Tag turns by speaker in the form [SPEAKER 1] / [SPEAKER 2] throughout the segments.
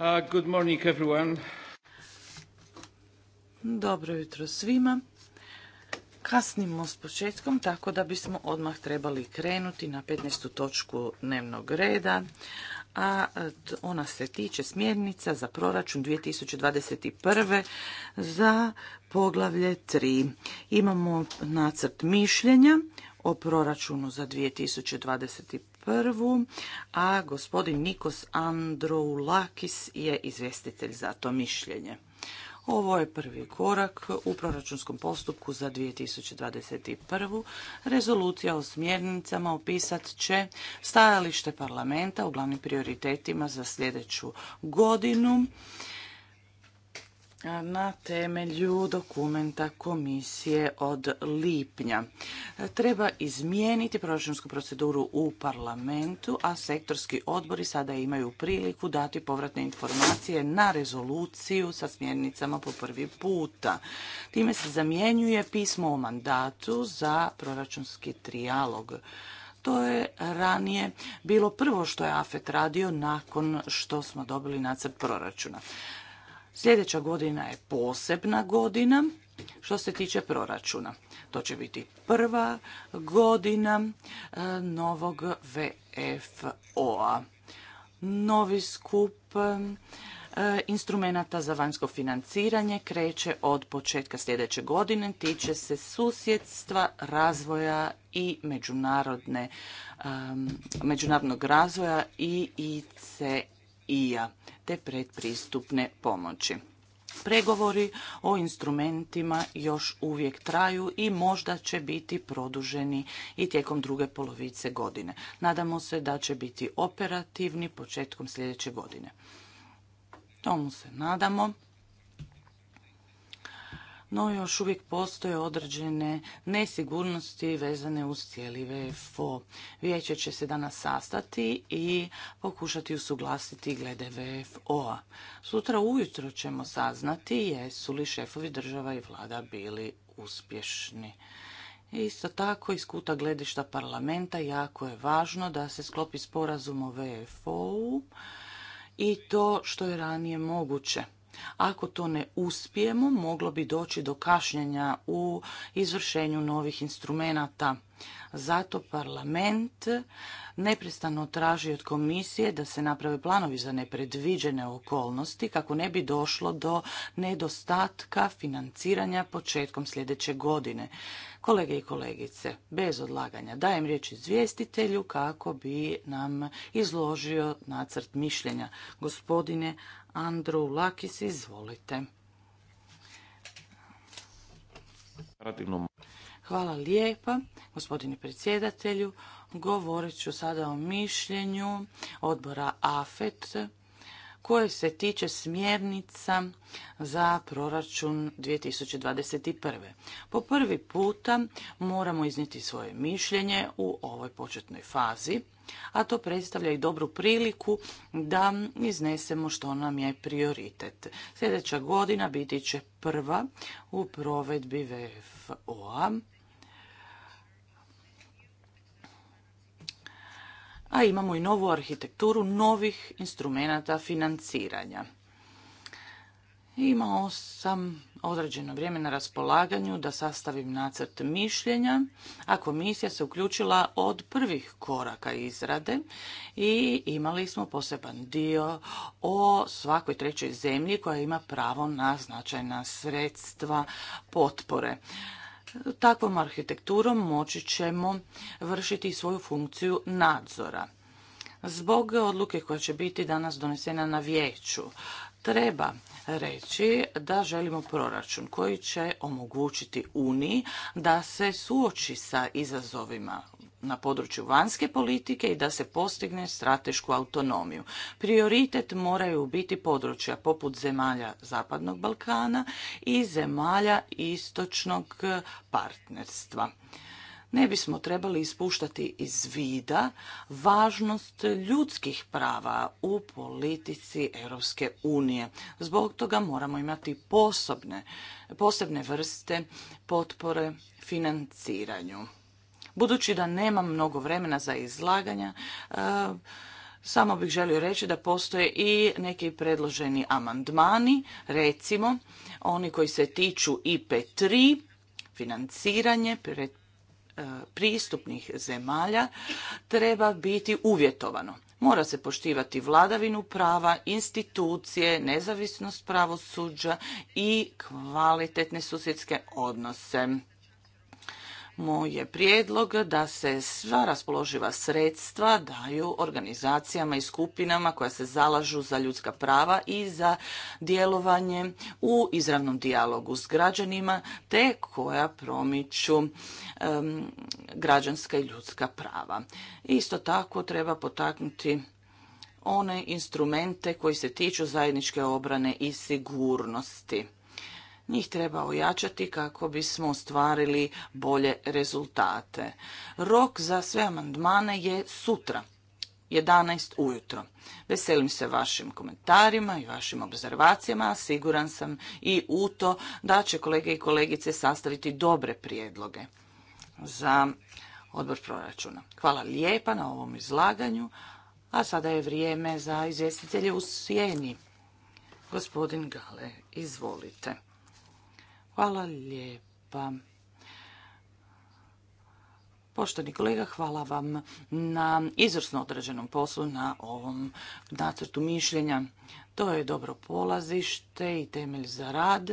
[SPEAKER 1] Uh, good
[SPEAKER 2] Dobro jutro svima. Kasnimo s početkom, tako da bismo odmah trebali krenuti na 15. točku dnevnog reda, a ona se tiče smjernica za proračun 2021. za poglavlje 3. Imamo nacrt mišljenja o proračunu za 2021 prvu, a gospodin Nikos Androulakis je izvjestitelj za to mišljenje. Ovo je prvi korak u proračunskom postupku za 2021. Rezolucija o smjernicama opisat će stajalište parlamenta u glavnim prioritetima za sljedeću godinu na temelju dokumenta komisije od lipnja. Treba izmijeniti proračunsku proceduru u parlamentu, a sektorski odbori sada imaju priliku dati povratne informacije na rezoluciju sa smjernicama po prvi puta. Time se zamjenjuje pismo o mandatu za proračunski trijalog. To je ranije bilo prvo što je AFET radio nakon što smo dobili nacrt proračuna. Sljedeća godina je posebna godina što se tiče proračuna. To će biti prva godina e, novog VFO-a. Novi skup e, instrumenata za vanjsko financiranje kreće od početka sljedeće godine, tiče se susjedstva, razvoja i e, međunarodnog razvoja i ICE IA te predpristupne pomoći. Pregovori o instrumentima još uvijek traju i možda će biti produženi i tijekom druge polovice godine. Nadamo se da će biti operativni početkom sljedeće godine. Tomu se nadamo no još uvijek postoje određene nesigurnosti vezane uz cijeli VFO. Vijeće će se danas sastati i pokušati usuglasiti glede VFO-a. Sutra ujutro ćemo saznati jesu li šefovi država i vlada bili uspješni. Isto tako, iz kuta gledišta parlamenta jako je važno da se sklopi sporazum o VFO-u i to što je ranije moguće. Ako to ne uspijemo, moglo bi doći do kašnjenja u izvršenju novih instrumenata. Zato parlament neprestano traži od komisije da se naprave planovi za nepredviđene okolnosti kako ne bi došlo do nedostatka financiranja početkom sljedeće godine. Kolege i kolegice, bez odlaganja dajem riječ izvjestitelju kako bi nam izložio nacrt mišljenja. Gospodine Andru Lakis, izvolite. Hvala lijepa, gospodine predsjedatelju. Govorit ću sada o mišljenju odbora AFET koje se tiče smjernica za proračun 2021. Po prvi puta moramo iznijeti svoje mišljenje u ovoj početnoj fazi, a to predstavlja i dobru priliku da iznesemo što nam je prioritet. Sljedeća godina biti će prva u provedbi VFOA. a imamo i novu arhitekturu novih instrumenata financiranja. Imao sam određeno vrijeme na raspolaganju da sastavim nacrt mišljenja, a komisija se uključila od prvih koraka izrade i imali smo poseban dio o svakoj trećoj zemlji koja ima pravo na značajna sredstva potpore. Takvom arhitekturom moći ćemo vršiti svoju funkciju nadzora. Zbog odluke koja će biti danas donesena na vijeću, treba reći da želimo proračun koji će omogućiti Uniji da se suoči sa izazovima na području vanjske politike i da se postigne stratešku autonomiju. Prioritet moraju biti područja poput zemalja Zapadnog Balkana i zemalja istočnog partnerstva. Ne bismo trebali ispuštati iz vida važnost ljudskih prava u politici Europske unije. Zbog toga moramo imati posebne, posebne vrste potpore financiranju. Budući da nemam mnogo vremena za izlaganja, e, samo bih želio reći da postoje i neki predloženi amandmani, recimo oni koji se tiču IP3, financiranje e, pristupnih zemalja, treba biti uvjetovano. Mora se poštivati vladavinu prava, institucije, nezavisnost pravosuđa i kvalitetne susjedske odnose. Moj je prijedlog da se sva raspoloživa sredstva daju organizacijama i skupinama koja se zalažu za ljudska prava i za djelovanje u izravnom dijalogu s građanima te koja promiču građanska i ljudska prava. Isto tako treba potaknuti one instrumente koji se tiču zajedničke obrane i sigurnosti. Njih treba ojačati kako bismo ostvarili bolje rezultate. Rok za sve amandmane je sutra, 11 ujutro. Veselim se vašim komentarima i vašim obzervacijama, siguran sam i u to da će kolege i kolegice sastaviti dobre prijedloge za odbor proračuna. Hvala lijepa na ovom izlaganju, a sada je vrijeme za izvjestitelje u sjeni. Gospodin Gale, izvolite. Hvala lijepa. Poštovani kolega, hvala vam na izvrsno određenom poslu na ovom nacrtu mišljenja. To je dobro polazište i temelj za rad,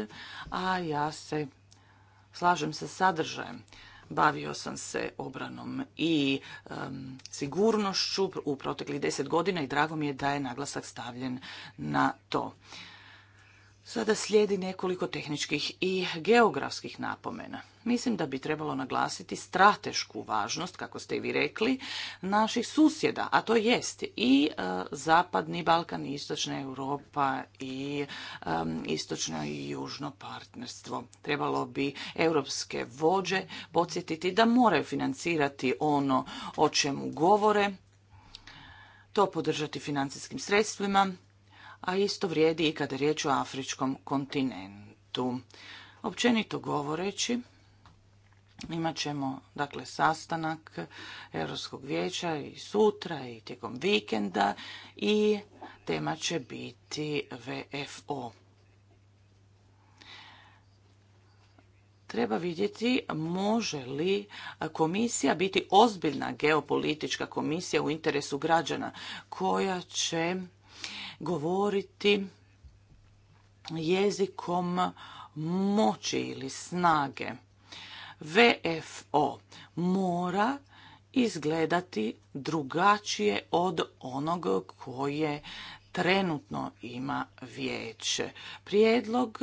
[SPEAKER 2] a ja se slažem sa sadržajem. Bavio sam se obranom i sigurnošću u proteklih deset godina i drago mi je da je naglasak stavljen na to. Sada slijedi nekoliko tehničkih i geografskih napomena. Mislim da bi trebalo naglasiti stratešku važnost, kako ste i vi rekli, naših susjeda, a to jest i e, Zapadni Balkan, i Istočna Europa i e, Istočno i Južno partnerstvo. Trebalo bi europske vođe podsjetiti da moraju financirati ono o čemu govore, to podržati financijskim sredstvima, a isto vrijedi i kada je riječ o afričkom kontinentu. Općenito govoreći, imat ćemo dakle, sastanak Europskog vijeća i sutra i tijekom vikenda i tema će biti VFO. treba vidjeti može li komisija biti ozbiljna geopolitička komisija u interesu građana koja će govoriti jezikom moći ili snage. VFO mora izgledati drugačije od onog koje trenutno ima vijeće. Prijedlog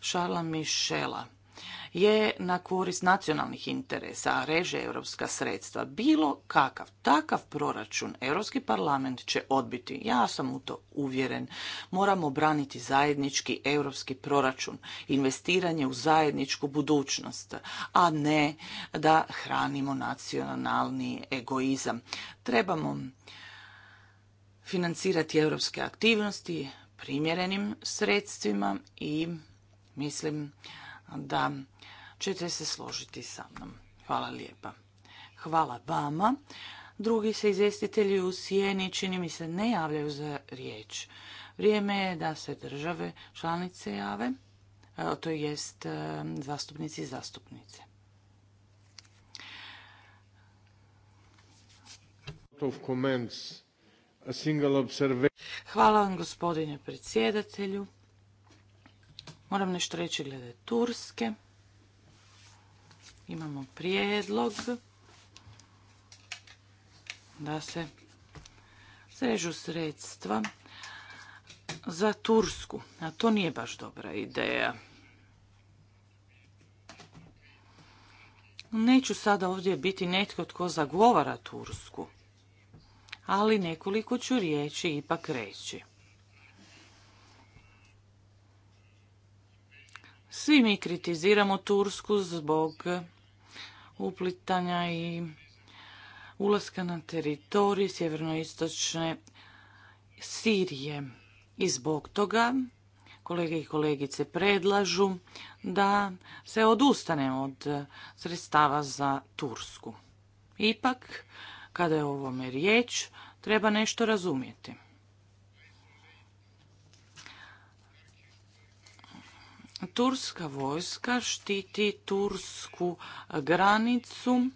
[SPEAKER 2] Šarla Mišela je na korist nacionalnih interesa, a reže europska sredstva. Bilo kakav takav proračun Europski parlament će odbiti. Ja sam u to uvjeren. Moramo braniti zajednički europski proračun, investiranje u zajedničku budućnost, a ne da hranimo nacionalni egoizam. Trebamo financirati europske aktivnosti primjerenim sredstvima i mislim da ćete se složiti sa mnom. Hvala lijepa. Hvala vama. Drugi se izvjestitelji u sjeni čini mi se ne javljaju za riječ. Vrijeme je da se države članice jave, e, to jest e, zastupnici i zastupnice. Hvala vam gospodine predsjedatelju. Moram nešto reći glede Turske. Imamo prijedlog da se srežu sredstva za Tursku, a to nije baš dobra ideja. Neću sada ovdje biti netko tko zagovara Tursku, ali nekoliko ću riječi ipak reći. Svi mi kritiziramo Tursku zbog uplitanja i ulaska na teritorij sjevernoistočne Sirije. I zbog toga kolege i kolegice predlažu da se odustane od sredstava za Tursku. Ipak, kada je o ovome riječ, treba nešto razumjeti. Turska vojska štiti tursku granicu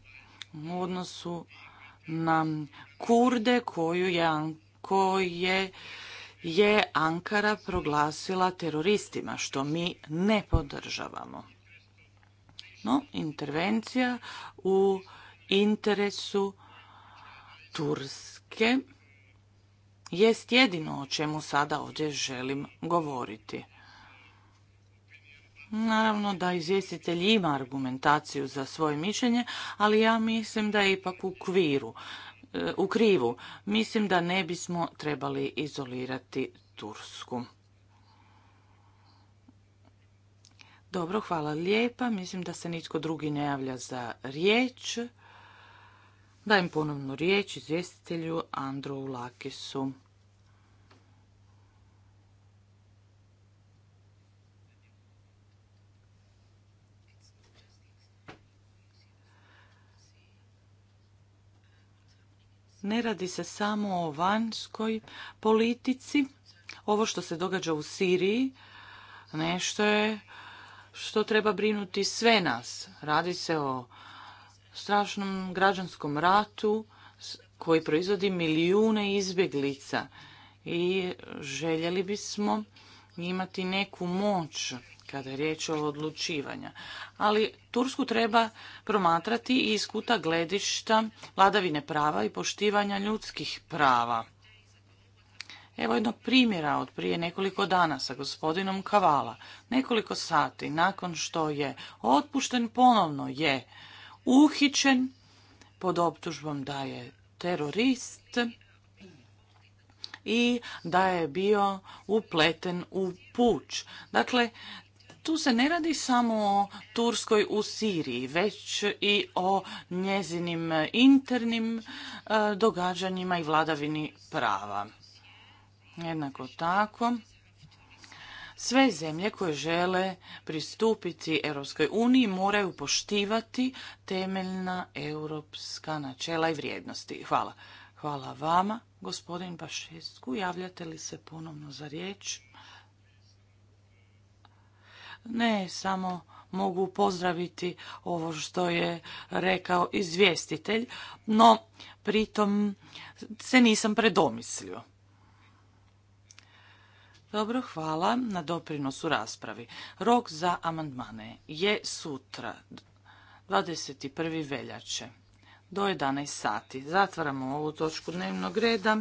[SPEAKER 2] u odnosu na Kurde koju je, koje je Ankara proglasila teroristima, što mi ne podržavamo. No, intervencija u interesu Turske jest jedino o čemu sada ovdje želim govoriti. Naravno da izvjestitelj ima argumentaciju za svoje mišljenje, ali ja mislim da je ipak u kviru, e, u krivu. Mislim da ne bismo trebali izolirati Tursku. Dobro, hvala lijepa. Mislim da se nitko drugi ne javlja za riječ. Dajem ponovno riječ izvjestitelju Androu Lakisu. ne radi se samo o vanjskoj politici. Ovo što se događa u Siriji nešto je što treba brinuti sve nas. Radi se o strašnom građanskom ratu koji proizvodi milijune izbjeglica i željeli bismo imati neku moć kada je riječ o odlučivanju. Ali Tursku treba promatrati i iz kuta gledišta vladavine prava i poštivanja ljudskih prava. Evo jednog primjera od prije nekoliko dana sa gospodinom Kavala. Nekoliko sati nakon što je otpušten ponovno je uhićen pod optužbom da je terorist i da je bio upleten u puč. Dakle, tu se ne radi samo o Turskoj u Siriji, već i o njezinim internim e, događanjima i vladavini prava. Jednako tako, sve zemlje koje žele pristupiti Europskoj uniji moraju poštivati temeljna europska načela i vrijednosti. Hvala. Hvala vama, gospodin Pašesku. Javljate li se ponovno za riječ? ne samo mogu pozdraviti ovo što je rekao izvjestitelj, no pritom se nisam predomislio. Dobro, hvala na doprinosu raspravi. Rok za amandmane je sutra, 21. veljače, do 11 sati. Zatvaramo ovu točku dnevnog reda.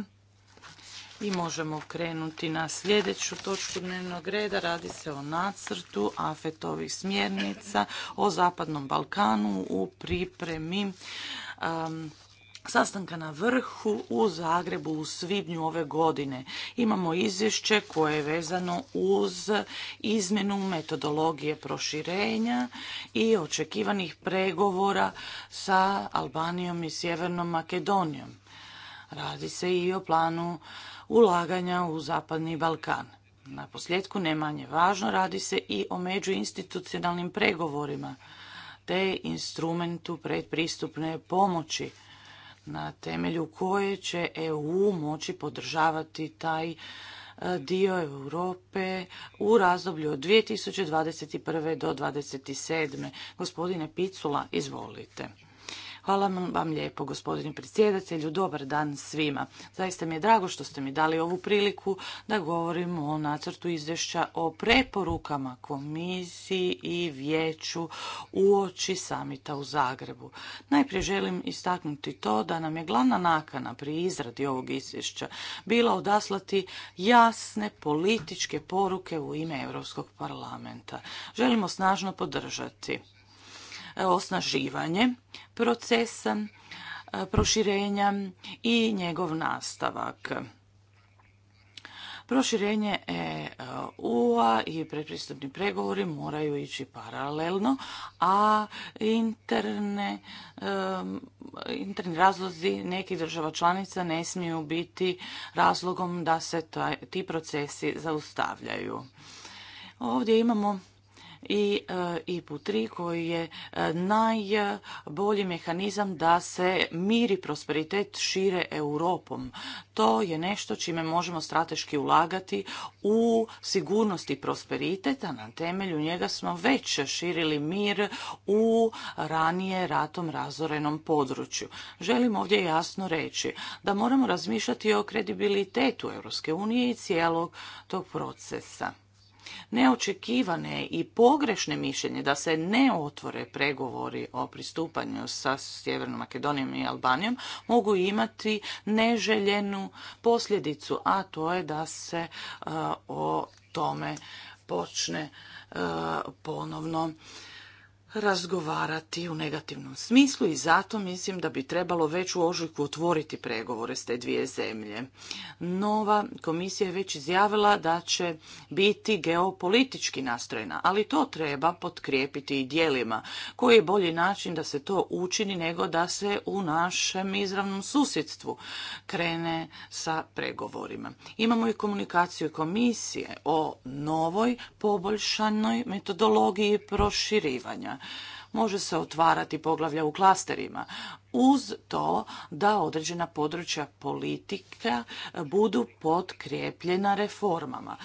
[SPEAKER 2] I možemo krenuti na sljedeću točku dnevnog reda. Radi se o nacrtu afetovih smjernica o Zapadnom Balkanu u pripremi um, sastanka na vrhu u Zagrebu u svibnju ove godine. Imamo izvješće koje je vezano uz izmjenu metodologije proširenja i očekivanih pregovora sa Albanijom i Sjevernom Makedonijom. Radi se i o planu ulaganja u Zapadni Balkan. Na posljedku ne manje važno radi se i o međuinstitucionalnim pregovorima te instrumentu predpristupne pomoći na temelju koje će EU moći podržavati taj e, dio Europe u razdoblju od 2021. do 2027. Gospodine Picula, izvolite. Hvala vam lijepo, gospodine predsjedatelju. Dobar dan svima. Zaista mi je drago što ste mi dali ovu priliku da govorimo o nacrtu izvješća o preporukama komisiji i vijeću uoči samita u Zagrebu. Najprije želim istaknuti to da nam je glavna nakana pri izradi ovog izvješća bila odaslati jasne političke poruke u ime Europskog parlamenta. Želimo snažno podržati E, osnaživanje procesa e, proširenja i njegov nastavak. Proširenje EU-a i predpristupni pregovori moraju ići paralelno, a interne, e, interni razlozi nekih država članica ne smiju biti razlogom da se ti procesi zaustavljaju. Ovdje imamo i e, IPU 3 koji je e, najbolji mehanizam da se miri prosperitet šire Europom. To je nešto čime možemo strateški ulagati u sigurnost i prosperiteta. Na temelju njega smo već širili mir u ranije ratom razorenom području. Želim ovdje jasno reći da moramo razmišljati o kredibilitetu Europske unije i cijelog tog procesa neočekivane i pogrešne mišljenje da se ne otvore pregovori o pristupanju sa Sjevernom Makedonijom i Albanijom mogu imati neželjenu posljedicu, a to je da se e, o tome počne e, ponovno razgovarati u negativnom smislu i zato mislim da bi trebalo već u ožujku otvoriti pregovore s te dvije zemlje. Nova komisija je već izjavila da će biti geopolitički nastrojena, ali to treba potkrijepiti i dijelima. Koji je bolji način da se to učini nego da se u našem izravnom susjedstvu krene sa pregovorima. Imamo i komunikaciju komisije o novoj poboljšanoj metodologiji proširivanja može se otvarati poglavlja u klasterima uz to da određena područja politika budu podkrijepljena reformama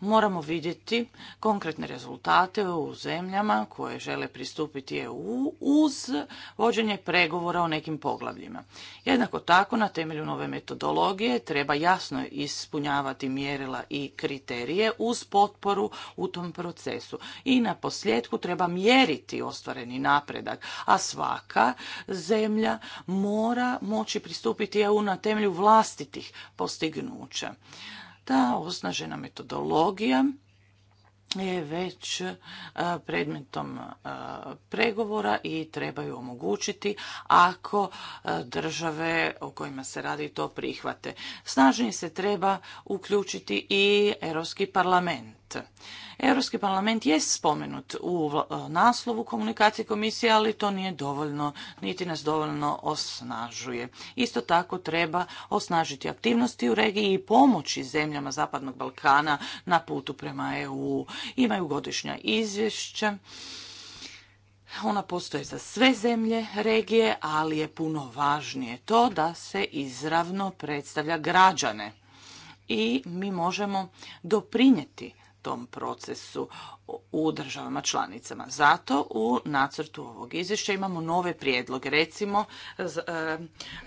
[SPEAKER 2] moramo vidjeti konkretne rezultate u zemljama koje žele pristupiti EU uz vođenje pregovora o nekim poglavljima. Jednako tako, na temelju nove metodologije treba jasno ispunjavati mjerila i kriterije uz potporu u tom procesu. I na posljedku treba mjeriti ostvareni napredak, a svaka zemlja mora moći pristupiti EU na temelju vlastitih postignuća. Ta osnažena metodologija je već e, predmetom e, pregovora i trebaju omogućiti ako e, države o kojima se radi to prihvate. Snažnije se treba uključiti i Europski parlament. Europski parlament je spomenut u e, naslovu komunikacije komisije, ali to nije dovoljno, niti nas dovoljno osnažuje. Isto tako treba osnažiti aktivnosti u regiji i pomoći zemljama Zapadnog Balkana na putu prema EU. Imaju godišnja izvješća. Ona postoje za sve zemlje regije, ali je puno važnije to da se izravno predstavlja građane i mi možemo doprinjeti tom procesu u državama članicama. Zato u nacrtu ovog izvješća imamo nove prijedloge, recimo e,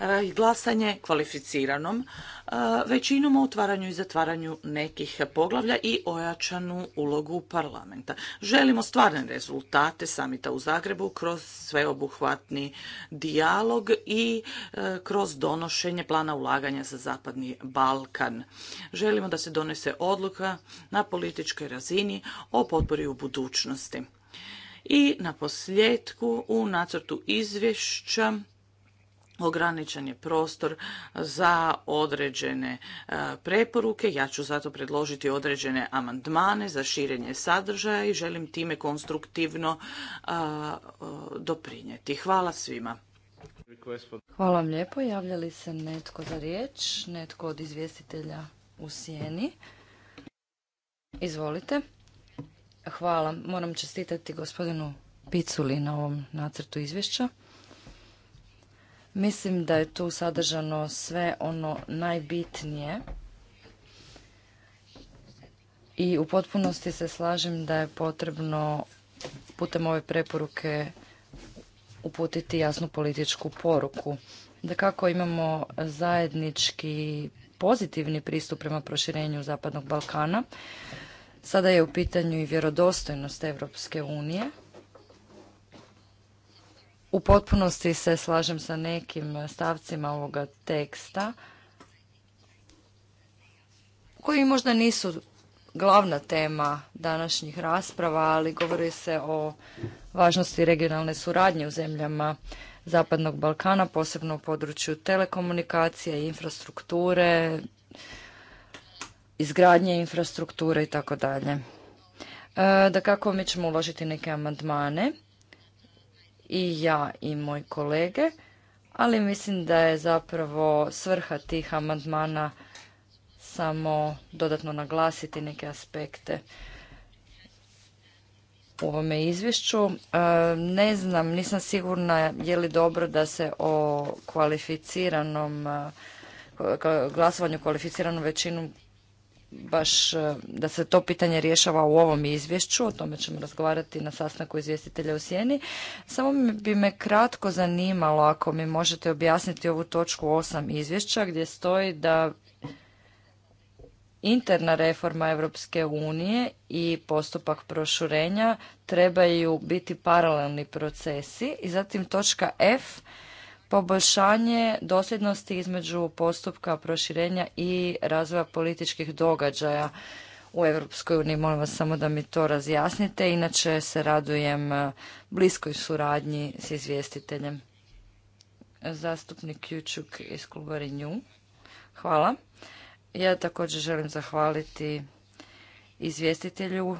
[SPEAKER 2] e, glasanje kvalificiranom e, većinom o otvaranju i zatvaranju nekih poglavlja i ojačanu ulogu parlamenta. Želimo stvarne rezultate samita u Zagrebu kroz sveobuhvatni dijalog i kroz donošenje plana ulaganja za Zapadni Balkan. Želimo da se donese odluka na političkoj razini o u budućnosti. I na posljedku u nacrtu izvješća ograničen je prostor za određene e, preporuke. Ja ću zato predložiti određene amandmane za širenje sadržaja i želim time konstruktivno e, doprinijeti. Hvala svima.
[SPEAKER 3] Hvala vam lijepo. Javlja li se netko za riječ? Netko od izvjestitelja u sjeni? Izvolite. Hvala. Moram čestitati gospodinu Piculi na ovom nacrtu izvješća. Mislim da je tu sadržano sve ono najbitnije i u potpunosti se slažem da je potrebno putem ove preporuke uputiti jasnu političku poruku. Da kako imamo zajednički pozitivni pristup prema proširenju Zapadnog Balkana, Sada je u pitanju i vjerodostojnost Europske unije. U potpunosti se slažem sa nekim stavcima ovoga teksta koji možda nisu glavna tema današnjih rasprava, ali govori se o važnosti regionalne suradnje u zemljama Zapadnog Balkana, posebno u području telekomunikacije, infrastrukture, izgradnje infrastrukture i tako dalje. E, da kako mi ćemo uložiti neke amandmane i ja i moji kolege, ali mislim da je zapravo svrha tih amandmana samo dodatno naglasiti neke aspekte u ovome izvješću. E, ne znam, nisam sigurna je li dobro da se o kvalificiranom e, glasovanju kvalificiranom većinom baš e, da se to pitanje rješava u ovom izvješću, o tome ćemo razgovarati na sastanku izvjestitelja u Sjeni. Samo bi me kratko zanimalo ako mi možete objasniti ovu točku 8 izvješća gdje stoji da interna reforma Europske unije i postupak prošurenja trebaju biti paralelni procesi i zatim točka F poboljšanje dosljednosti između postupka proširenja i razvoja političkih događaja u Europskoj uniji. Molim vas samo da mi to razjasnite, inače se radujem e, bliskoj suradnji s izvjestiteljem. Zastupnik Jučuk iz kluba Renew. Hvala. Ja također želim zahvaliti izvjestitelju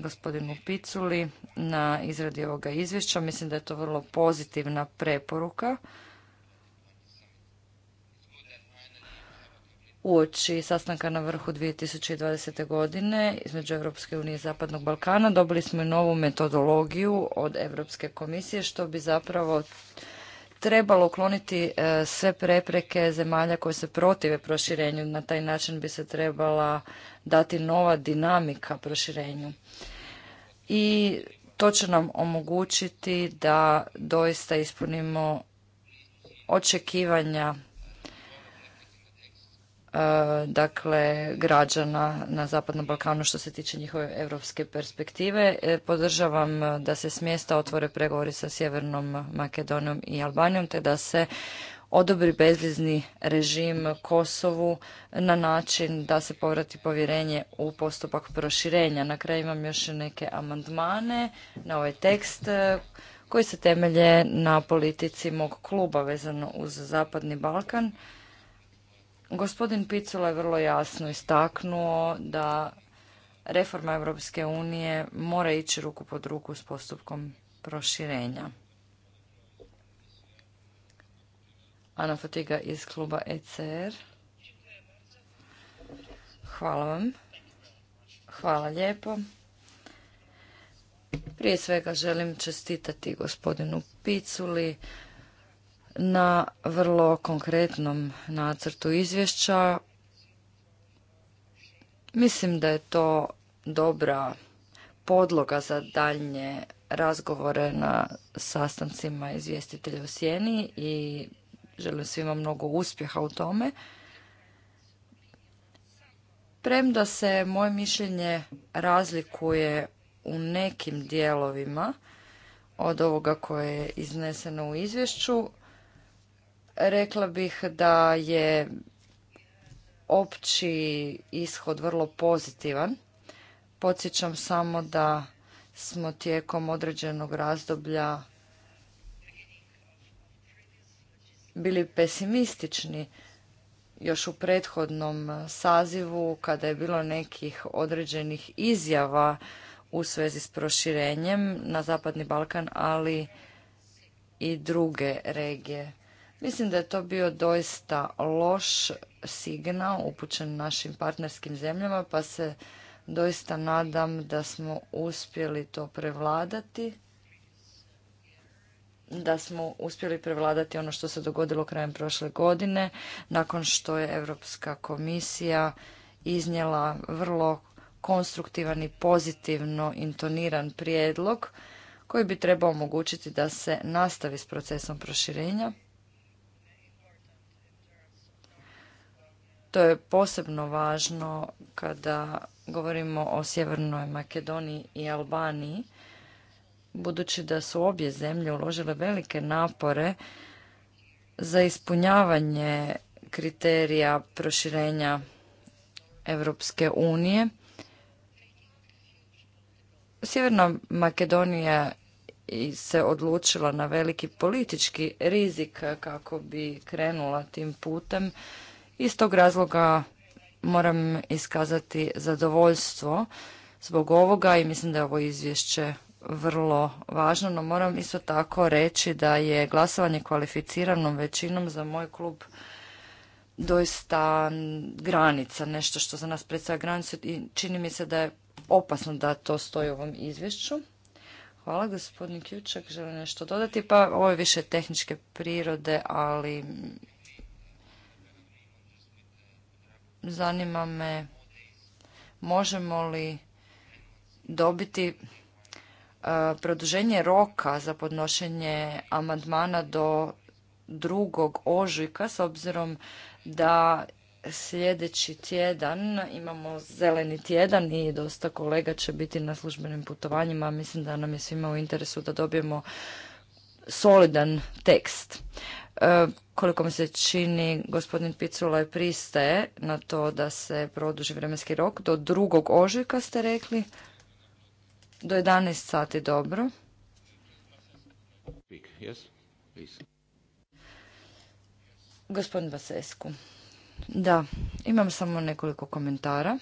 [SPEAKER 3] gospodinu Piculi na izradi ovoga izvješća. Mislim da je to vrlo pozitivna preporuka. Uoči sastanka na vrhu 2020. godine između Europske unije i Zapadnog Balkana dobili smo i novu metodologiju od Europske komisije što bi zapravo trebalo ukloniti e, sve prepreke zemalja koje se protive proširenju. Na taj način bi se trebala dati nova dinamika proširenju. I to će nam omogućiti da doista ispunimo očekivanja E, dakle građana na Zapadnom Balkanu što se tiče njihove europske perspektive. E, podržavam e, da se smjesta mjesta otvore pregovori sa Sjevernom Makedonijom i Albanijom te da se odobri bezvizni režim Kosovu na način da se povrati povjerenje u postupak proširenja. Na kraju imam još neke amandmane na ovaj tekst koji se temelje na politici mog kluba vezano uz Zapadni Balkan Gospodin Picula je vrlo jasno istaknuo da reforma Europske unije mora ići ruku pod ruku s postupkom proširenja. Ana Fatiga iz kluba ECR. Hvala vam. Hvala lijepo. Prije svega želim čestitati gospodinu Piculi na vrlo konkretnom nacrtu izvješća. Mislim da je to dobra podloga za daljnje razgovore na sastancima izvjestitelja u Sjeni i želim svima mnogo uspjeha u tome. Premda se moje mišljenje razlikuje u nekim dijelovima od ovoga koje je izneseno u izvješću, Rekla bih da je opći ishod vrlo pozitivan. Podsjećam samo da smo tijekom određenog razdoblja bili pesimistični još u prethodnom sazivu kada je bilo nekih određenih izjava u svezi s proširenjem na Zapadni Balkan, ali i druge regije Mislim da je to bio doista loš signal upućen našim partnerskim zemljama, pa se doista nadam da smo uspjeli to prevladati, da smo uspjeli prevladati ono što se dogodilo krajem prošle godine, nakon što je Europska komisija iznijela vrlo konstruktivan i pozitivno intoniran prijedlog koji bi trebao omogućiti da se nastavi s procesom proširenja. To je posebno važno kada govorimo o Sjevernoj Makedoniji i Albaniji, budući da su obje zemlje uložile velike napore za ispunjavanje kriterija proširenja Europske unije. Sjeverna Makedonija se odlučila na veliki politički rizik kako bi krenula tim putem iz tog razloga moram iskazati zadovoljstvo zbog ovoga i mislim da je ovo izvješće vrlo važno, no moram isto tako reći da je glasovanje kvalificiranom većinom za moj klub doista granica, nešto što za nas predstavlja granicu i čini mi se da je opasno da to stoji u ovom izvješću. Hvala, gospodin Ključak, želim nešto dodati. Pa ovo je više tehničke prirode, ali zanima me možemo li dobiti e, produženje roka za podnošenje amandmana do drugog ožujka s obzirom da sljedeći tjedan imamo zeleni tjedan i dosta kolega će biti na službenim putovanjima. Mislim da nam je svima u interesu da dobijemo solidan tekst. E, koliko mi se čini, gospodin Picula je pristaje na to da se produži vremenski rok. Do drugog ožujka ste rekli, do 11 sati, dobro. Gospodin Vasescu. Da, imam samo nekoliko komentara.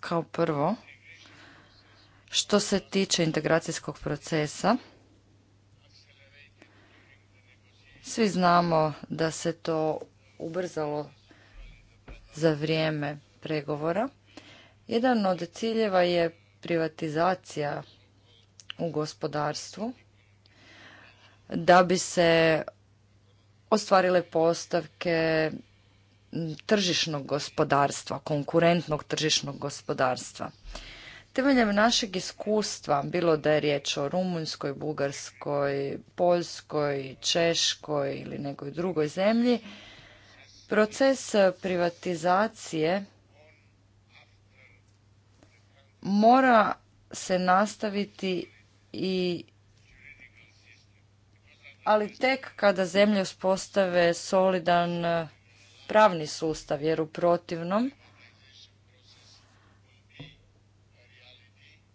[SPEAKER 3] Kao prvo, što se tiče integracijskog procesa, Svi znamo da se to ubrzalo za vrijeme pregovora. Jedan od ciljeva je privatizacija u gospodarstvu da bi se ostvarile postavke tržišnog gospodarstva, konkurentnog tržišnog gospodarstva. Temeljem našeg iskustva, bilo da je riječ o Rumunjskoj, Bugarskoj, Poljskoj, Češkoj ili nekoj drugoj zemlji, proces privatizacije mora se nastaviti i ali tek kada zemlje uspostave solidan pravni sustav jer u protivnom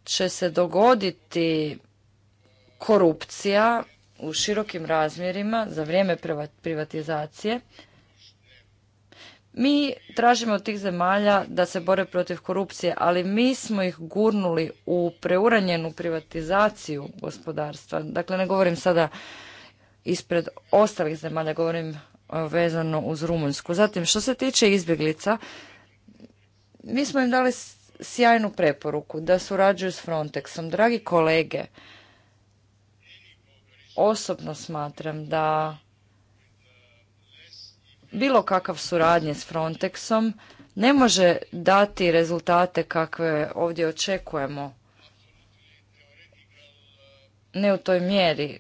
[SPEAKER 3] će se dogoditi korupcija u širokim razmjerima za vrijeme privatizacije. Mi tražimo od tih zemalja da se bore protiv korupcije, ali mi smo ih gurnuli u preuranjenu privatizaciju gospodarstva. Dakle, ne govorim sada ispred ostalih zemalja, govorim e, vezano uz Rumunjsku. Zatim, što se tiče izbjeglica, mi smo im dali sjajnu preporuku da surađuju s Frontexom. Dragi kolege, osobno smatram da bilo kakav suradnje s Frontexom ne može dati rezultate kakve ovdje očekujemo. Ne u toj mjeri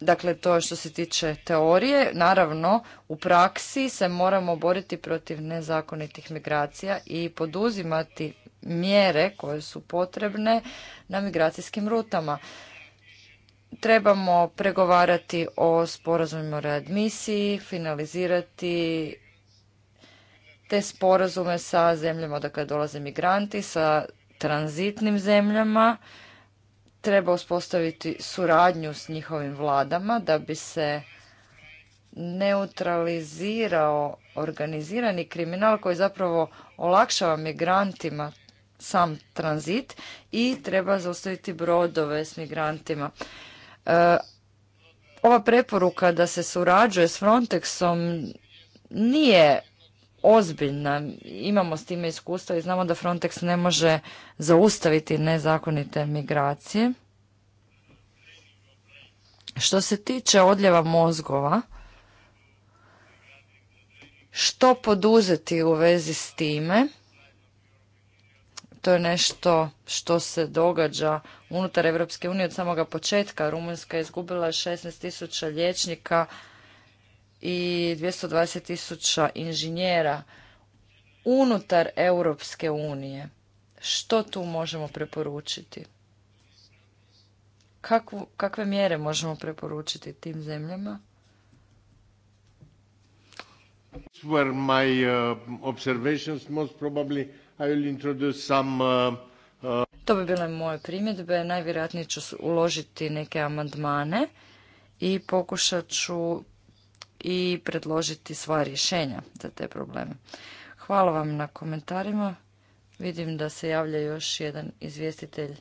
[SPEAKER 3] Dakle, to je što se tiče teorije. Naravno, u praksi se moramo boriti protiv nezakonitih migracija i poduzimati mjere koje su potrebne na migracijskim rutama. Trebamo pregovarati o sporazumima o readmisiji, finalizirati te sporazume sa zemljama odakle dolaze migranti, sa tranzitnim zemljama treba uspostaviti suradnju s njihovim vladama da bi se neutralizirao organizirani kriminal koji zapravo olakšava migrantima sam tranzit i treba zaustaviti brodove s migrantima. E, ova preporuka da se surađuje s Frontexom nije ozbiljna. Imamo s time iskustva i znamo da Frontex ne može zaustaviti nezakonite migracije. Što se tiče odljeva mozgova, što poduzeti u vezi s time? To je nešto što se događa unutar Europske unije od samoga početka. Rumunjska je izgubila 16.000 liječnika i 220 tisuća inženjera unutar Europske unije. Što tu možemo preporučiti? kakve mjere možemo preporučiti tim zemljama?
[SPEAKER 1] were my uh, observations most probably I will introduce
[SPEAKER 3] some uh, uh, To bi bile moje primjedbe, najvjerojatnije ću uložiti neke amandmane i pokušat ću i predložiti svoje rješenja za te probleme. Hvala vam na komentarima. Vidim da se javlja još jedan izvjestitelj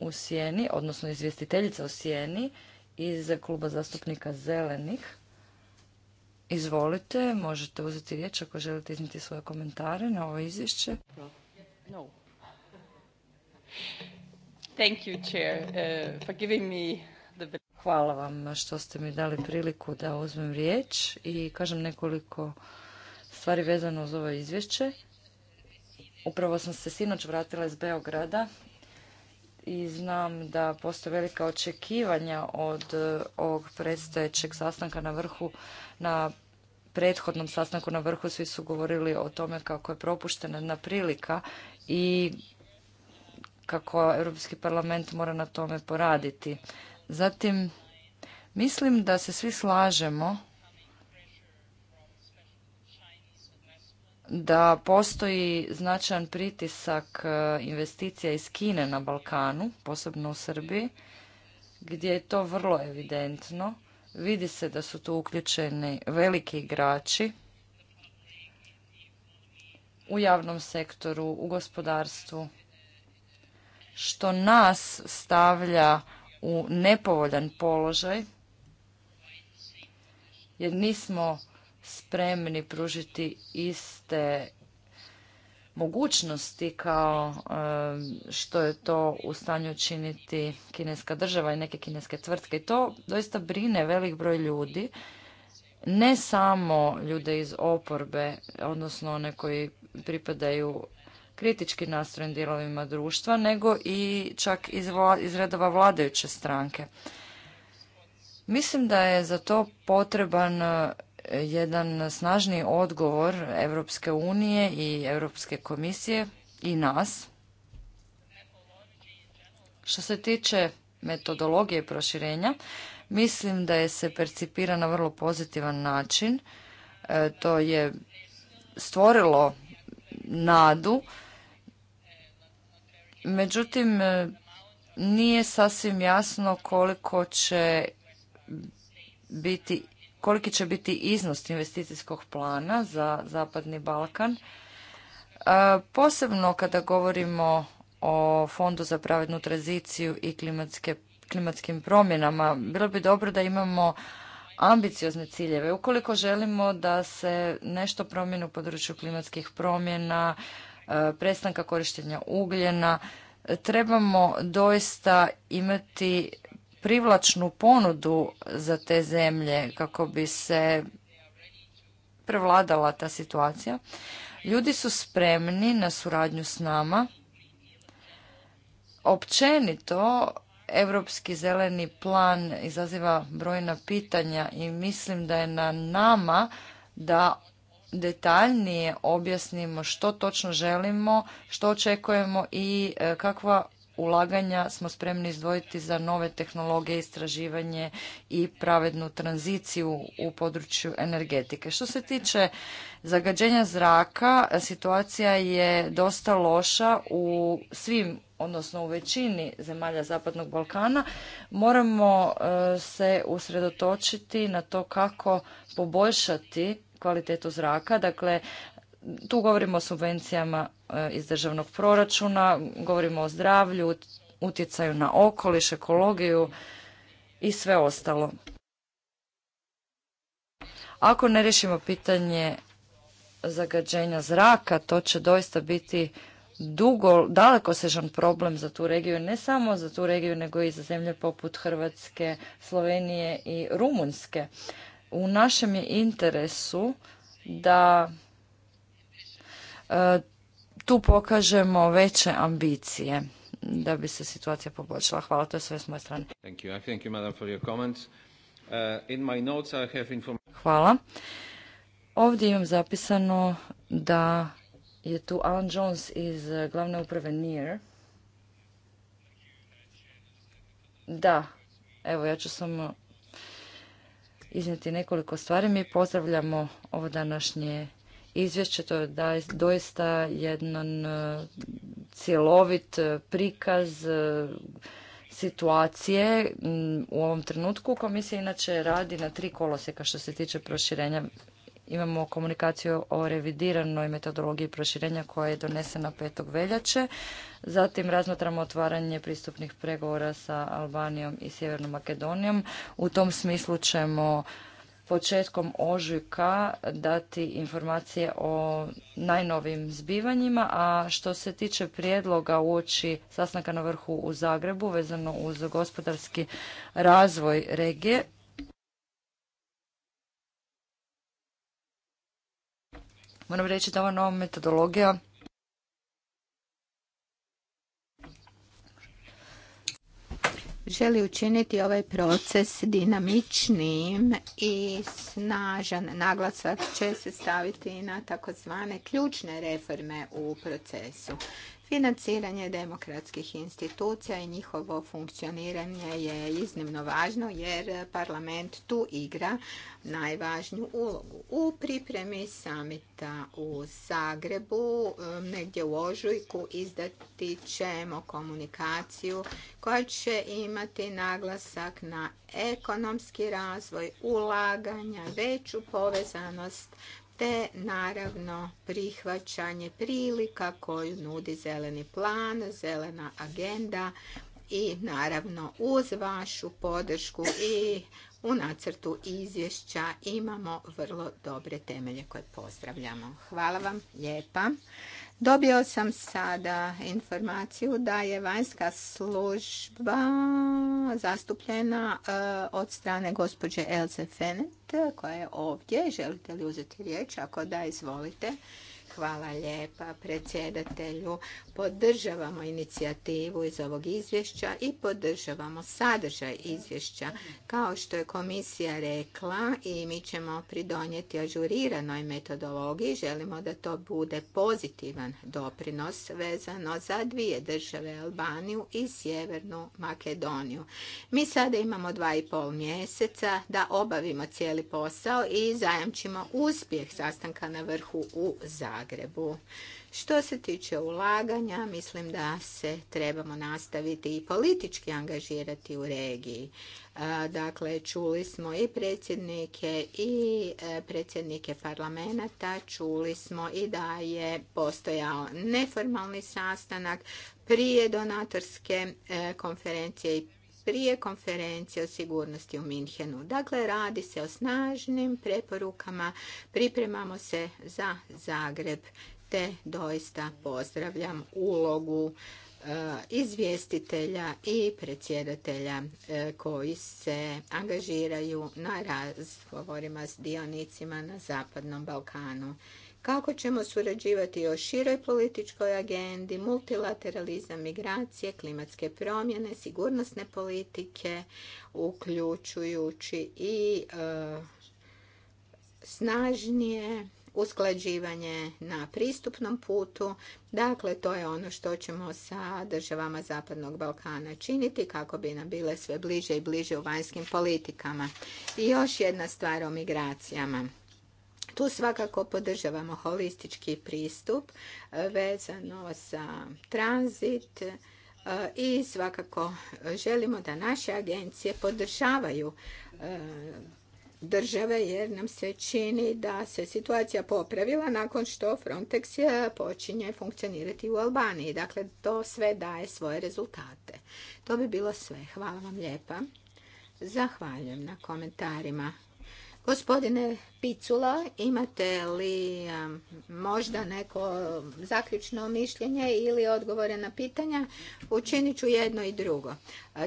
[SPEAKER 3] u sjeni, odnosno izvjestiteljica u sjeni iz kluba zastupnika Zelenih. Izvolite, možete uzeti riječ ako želite izniti svoje komentare na ovo izvješće. Thank you, Chair, uh, for Hvala vam što ste mi dali priliku da uzmem riječ i kažem nekoliko stvari vezano uz ovo izvješće. Upravo sam se sinoć vratila iz Beograda i znam da postoje velika očekivanja od e, ovog predstojećeg sastanka na vrhu na prethodnom sastanku na vrhu svi su govorili o tome kako je propuštena jedna prilika i kako Europski parlament mora na tome poraditi. Zatim, mislim da se svi slažemo da postoji značajan pritisak e, investicija iz Kine na Balkanu, posebno u Srbiji, gdje je to vrlo evidentno. Vidi se da su tu uključeni veliki igrači u javnom sektoru, u gospodarstvu, što nas stavlja u nepovoljan položaj jer nismo spremni pružiti iste mogućnosti kao e, što je to u stanju činiti kineska država i neke kineske tvrtke. I to doista brine velik broj ljudi, ne samo ljude iz oporbe, odnosno one koji pripadaju kritički nastrojen dijelovima društva, nego i čak iz, redova vladajuće stranke. Mislim da je za to potreban e, jedan snažni odgovor Europske unije i Europske komisije i nas. Što se tiče metodologije proširenja, mislim da je se percipira na vrlo pozitivan način. E, to je stvorilo nadu Međutim, e, nije sasvim jasno koliko će biti koliki će biti iznos investicijskog plana za Zapadni Balkan. E, posebno kada govorimo o Fondu za pravednu tranziciju i klimatske, klimatskim promjenama, bilo bi dobro da imamo ambiciozne ciljeve. Ukoliko želimo da se nešto promijeni u području klimatskih promjena, E, prestanka korištenja ugljena. Trebamo doista imati privlačnu ponudu za te zemlje kako bi se prevladala ta situacija. Ljudi su spremni na suradnju s nama. Općenito, Europski zeleni plan izaziva brojna pitanja i mislim da je na nama da detaljnije objasnimo što točno želimo, što očekujemo i e, kakva ulaganja smo spremni izdvojiti za nove tehnologije, istraživanje i pravednu tranziciju u području energetike. Što se tiče zagađenja zraka, situacija je dosta loša u svim, odnosno u većini zemalja Zapadnog Balkana. Moramo e, se usredotočiti na to kako poboljšati kvalitetu zraka. Dakle, tu govorimo o subvencijama e, iz državnog proračuna, govorimo o zdravlju, utjecaju na okoliš, ekologiju i sve ostalo. Ako ne riješimo pitanje zagađenja zraka, to će doista biti dugo, daleko sežan problem za tu regiju, ne samo za tu regiju, nego i za zemlje poput Hrvatske, Slovenije i Rumunjske u našem je interesu da e, tu pokažemo veće ambicije da bi se situacija poboljšala. Hvala, to je sve s moje strane. Hvala. Ovdje imam zapisano da je tu Alan Jones iz glavne uprave NIR. Da, evo ja ću samo iznijeti nekoliko stvari. Mi pozdravljamo ovo današnje izvješće, to je da doista jedan e, cjelovit e, prikaz e, situacije u ovom trenutku. Komisija inače radi na tri koloseka što se tiče proširenja imamo komunikaciju o revidiranoj metodologiji proširenja koja je donesena 5. veljače. Zatim razmatramo otvaranje pristupnih pregovora sa Albanijom i Sjevernom Makedonijom. U tom smislu ćemo početkom ožujka dati informacije o najnovim zbivanjima, a što se tiče prijedloga uoči sastanka na vrhu u Zagrebu vezano uz gospodarski razvoj regije, Moram reći da ova nova metodologija
[SPEAKER 4] želi učiniti ovaj proces dinamičnim i snažan naglasak će se staviti na takozvane ključne reforme u procesu. Financiranje demokratskih institucija i njihovo funkcioniranje je iznimno važno jer parlament tu igra najvažniju ulogu. U pripremi samita u Zagrebu negdje u Ožujku izdati ćemo komunikaciju koja će imati naglasak na ekonomski razvoj, ulaganja, veću povezanost te naravno prihvaćanje prilika koju nudi zeleni plan, zelena agenda i naravno uz vašu podršku i u nacrtu izvješća imamo vrlo dobre temelje koje pozdravljamo. Hvala vam lijepa. Dobio sam sada informaciju da je vanjska služba zastupljena eh, od strane gospođe Elze Fenet eh, koja je ovdje. Želite li uzeti riječ? Ako da, izvolite. Hvala lijepa predsjedatelju. Podržavamo inicijativu iz ovog izvješća i podržavamo sadržaj izvješća. Kao što je komisija rekla i mi ćemo pridonijeti ažuriranoj metodologiji, želimo da to bude pozitivan doprinos vezano za dvije države, Albaniju i Sjevernu Makedoniju. Mi sada imamo dva i pol mjeseca da obavimo cijeli posao i zajamčimo uspjeh sastanka na vrhu u Zagrebu. Zagrebu. Što se tiče ulaganja, mislim da se trebamo nastaviti i politički angažirati u regiji. Dakle, čuli smo i predsjednike i e, predsjednike parlamenta, čuli smo i da je postojao neformalni sastanak prije donatorske e, konferencije i prije konferencije o sigurnosti u Minhenu. Dakle, radi se o snažnim preporukama, pripremamo se za Zagreb, te doista pozdravljam ulogu eh, izvjestitelja i predsjedatelja eh, koji se angažiraju na razgovorima s dionicima na Zapadnom Balkanu kako ćemo surađivati o široj političkoj agendi, multilateralizam, migracije, klimatske promjene, sigurnosne politike, uključujući i e, snažnije usklađivanje na pristupnom putu. Dakle, to je ono što ćemo sa državama Zapadnog Balkana činiti kako bi nam bile sve bliže i bliže u vanjskim politikama. I još jedna stvar o migracijama. Tu svakako podržavamo holistički pristup e, vezano sa tranzit e, i svakako želimo da naše agencije podržavaju e, države jer nam se čini da se situacija popravila nakon što Frontex počinje funkcionirati u Albaniji. Dakle, to sve daje svoje rezultate. To bi bilo sve. Hvala vam lijepa. Zahvaljujem na komentarima. Gospodine Picula, imate li možda neko zaključno mišljenje ili odgovore na pitanja? Učinit ću jedno i drugo.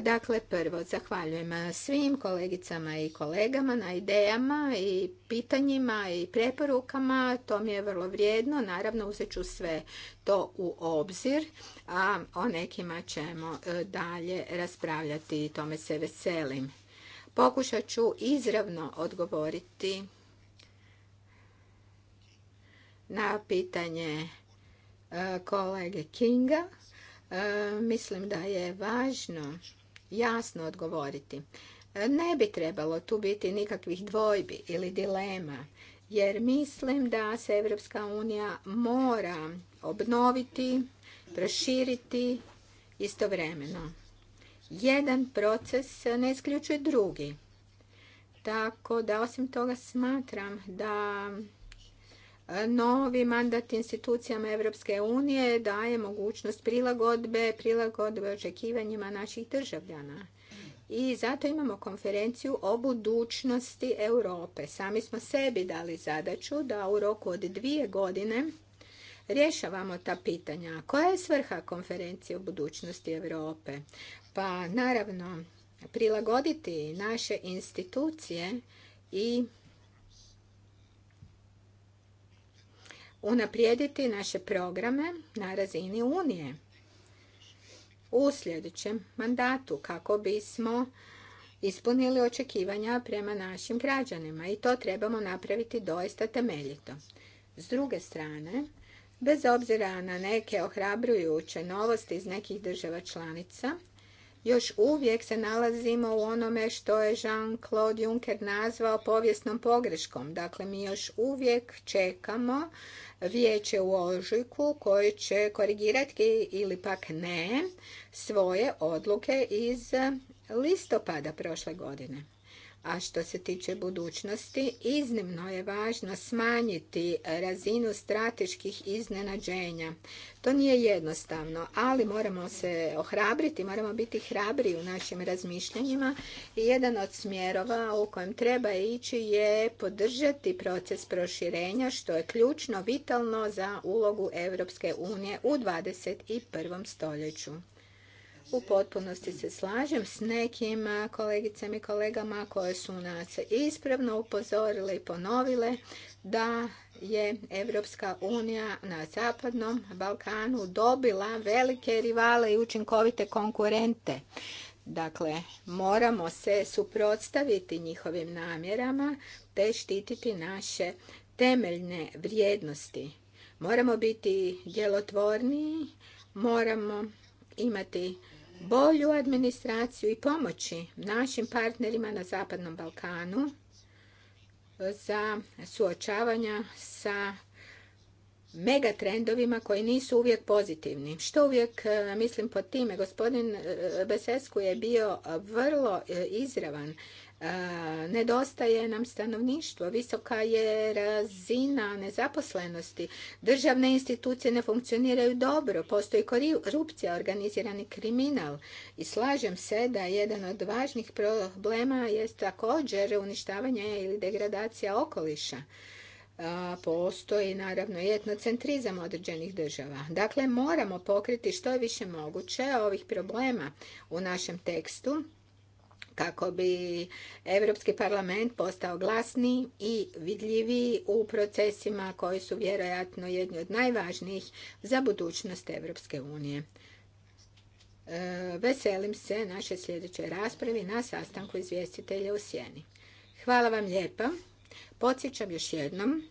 [SPEAKER 4] Dakle, prvo, zahvaljujem svim kolegicama i kolegama na idejama i pitanjima i preporukama. To mi je vrlo vrijedno. Naravno, uzet ću sve to u obzir, a o nekima ćemo e, dalje raspravljati i tome se veselim. Pokušat ću izravno odgovoriti na pitanje e, kolege Kinga. E, mislim da je važno jasno odgovoriti. E, ne bi trebalo tu biti nikakvih dvojbi ili dilema, jer mislim da se Evropska unija mora obnoviti, proširiti istovremeno jedan proces ne isključuje drugi. Tako da osim toga smatram da e, novi mandat institucijama Europske unije daje mogućnost prilagodbe, prilagodbe očekivanjima naših državljana. I zato imamo konferenciju o budućnosti Europe. Sami smo sebi dali zadaću da u roku od dvije godine rješavamo ta pitanja. Koja je svrha konferencije o budućnosti Europe? pa naravno prilagoditi naše institucije i unaprijediti naše programe na razini Unije u sljedećem mandatu kako bismo ispunili očekivanja prema našim građanima i to trebamo napraviti doista temeljito. S druge strane, bez obzira na neke ohrabrujuće novosti iz nekih država članica, još uvijek se nalazimo u onome što je Jean-Claude Juncker nazvao povijesnom pogreškom. Dakle, mi još uvijek čekamo vijeće u ožujku koje će korigirati ili pak ne svoje odluke iz listopada prošle godine a što se tiče budućnosti, iznimno je važno smanjiti razinu strateških iznenađenja. To nije jednostavno, ali moramo se ohrabriti, moramo biti hrabri u našim razmišljanjima. Jedan od smjerova u kojem treba ići je podržati proces proširenja, što je ključno vitalno za ulogu Europske unije u 21. stoljeću. U potpunosti se slažem s nekim kolegicama i kolegama koje su nas ispravno upozorile i ponovile da je Evropska unija na Zapadnom Balkanu dobila velike rivale i učinkovite konkurente. Dakle, moramo se suprotstaviti njihovim namjerama te štititi naše temeljne vrijednosti. Moramo biti djelotvorniji, moramo imati bolju administraciju i pomoći našim partnerima na Zapadnom Balkanu e, za suočavanja sa megatrendovima koji nisu uvijek pozitivni. Što uvijek e, mislim pod time? Gospodin e, Besesku je bio vrlo izravan Nedostaje nam stanovništvo, visoka je razina nezaposlenosti, državne institucije ne funkcioniraju dobro, postoji korupcija, organizirani kriminal. I slažem se da jedan od važnih problema je također uništavanje ili degradacija okoliša postoji naravno i etnocentrizam određenih država. Dakle, moramo pokriti što je više moguće ovih problema u našem tekstu kako bi Europski parlament postao glasniji i vidljiviji u procesima koji su vjerojatno jedni od najvažnijih za budućnost Europske unije. E, veselim se naše sljedeće raspravi na sastanku izvjestitelja u Sjeni. Hvala vam lijepa. Podsjećam još jednom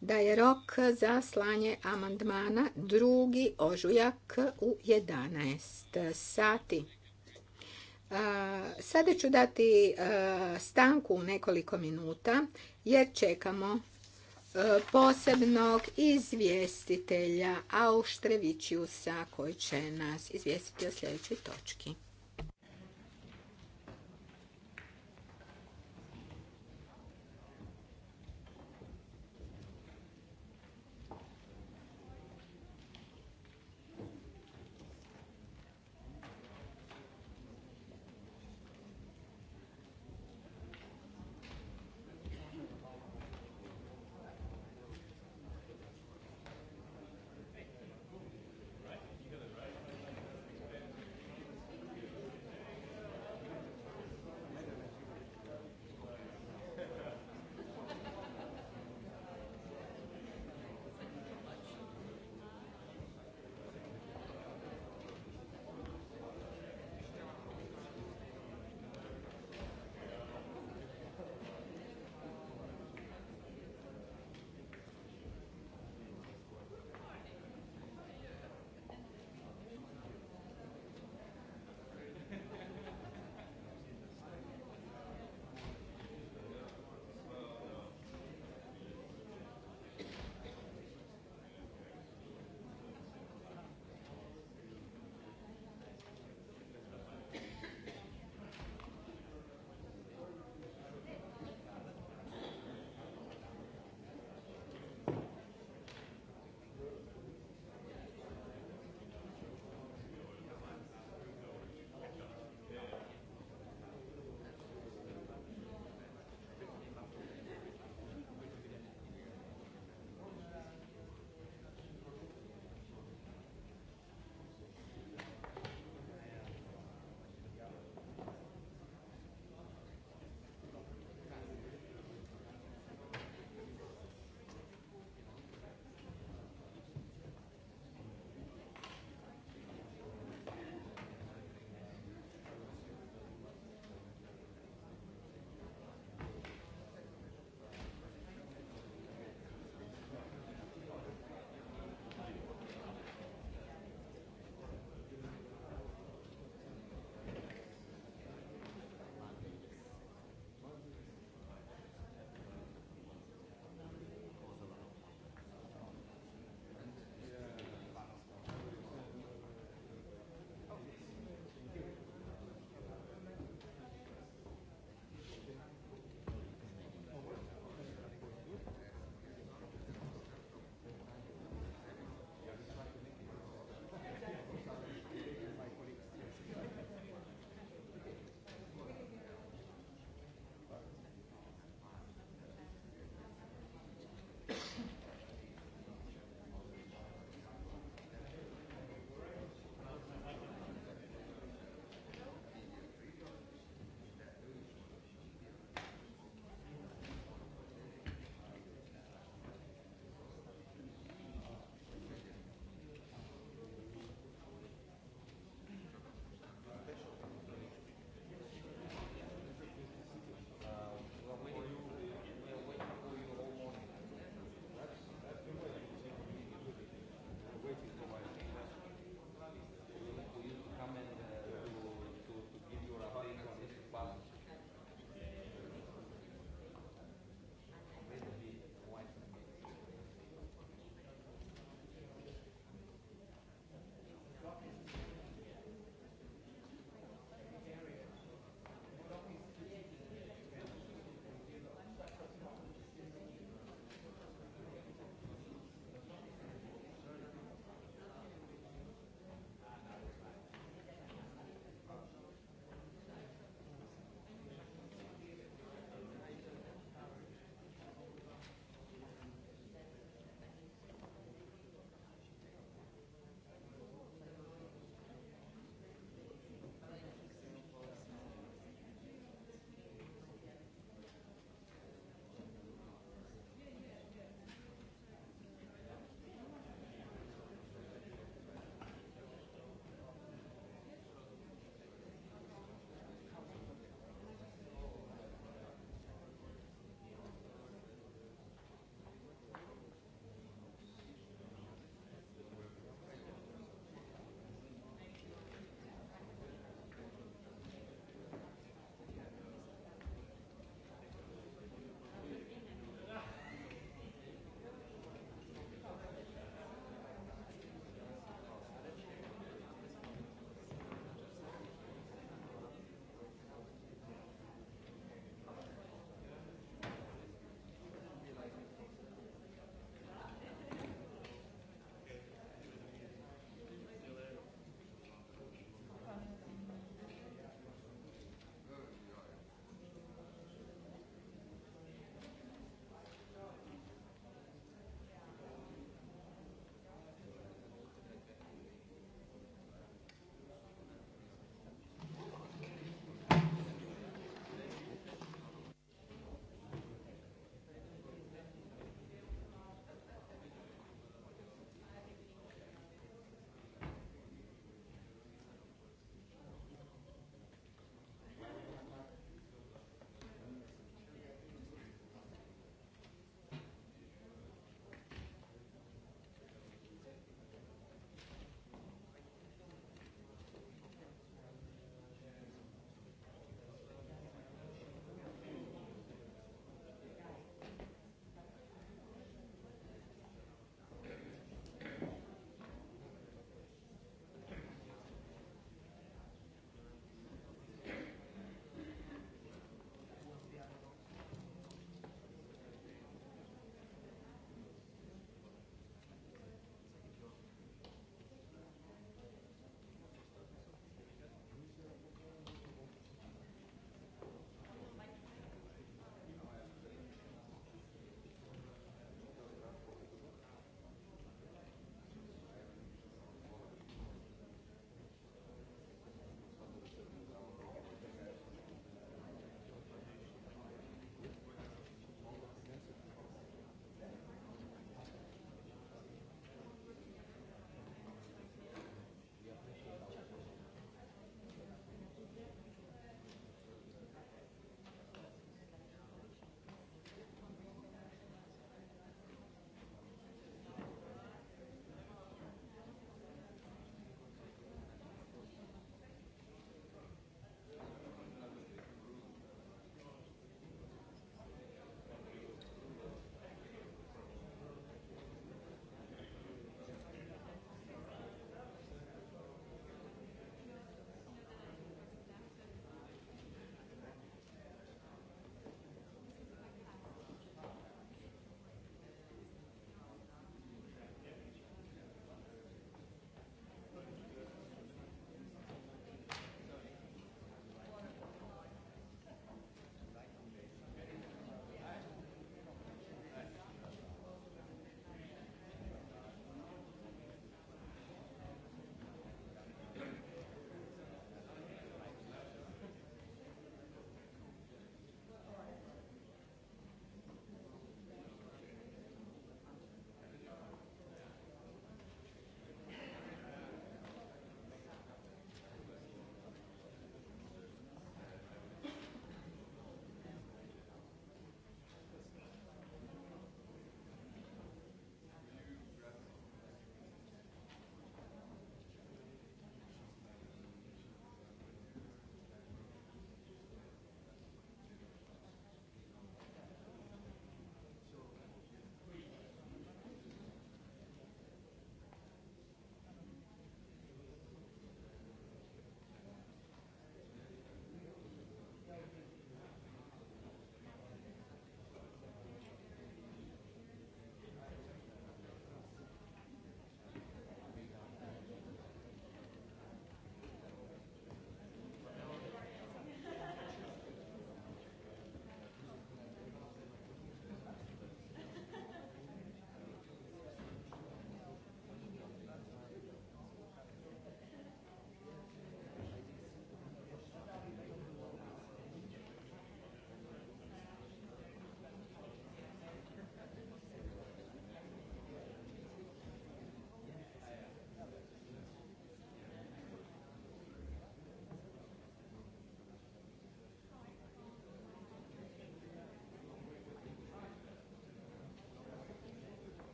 [SPEAKER 4] da je rok za slanje amandmana drugi ožujak u 11 sati. Sada ću dati stanku u nekoliko minuta jer čekamo posebnog izvjestitelja Auštrevićiusa koji će nas izvjestiti o sljedećoj točki.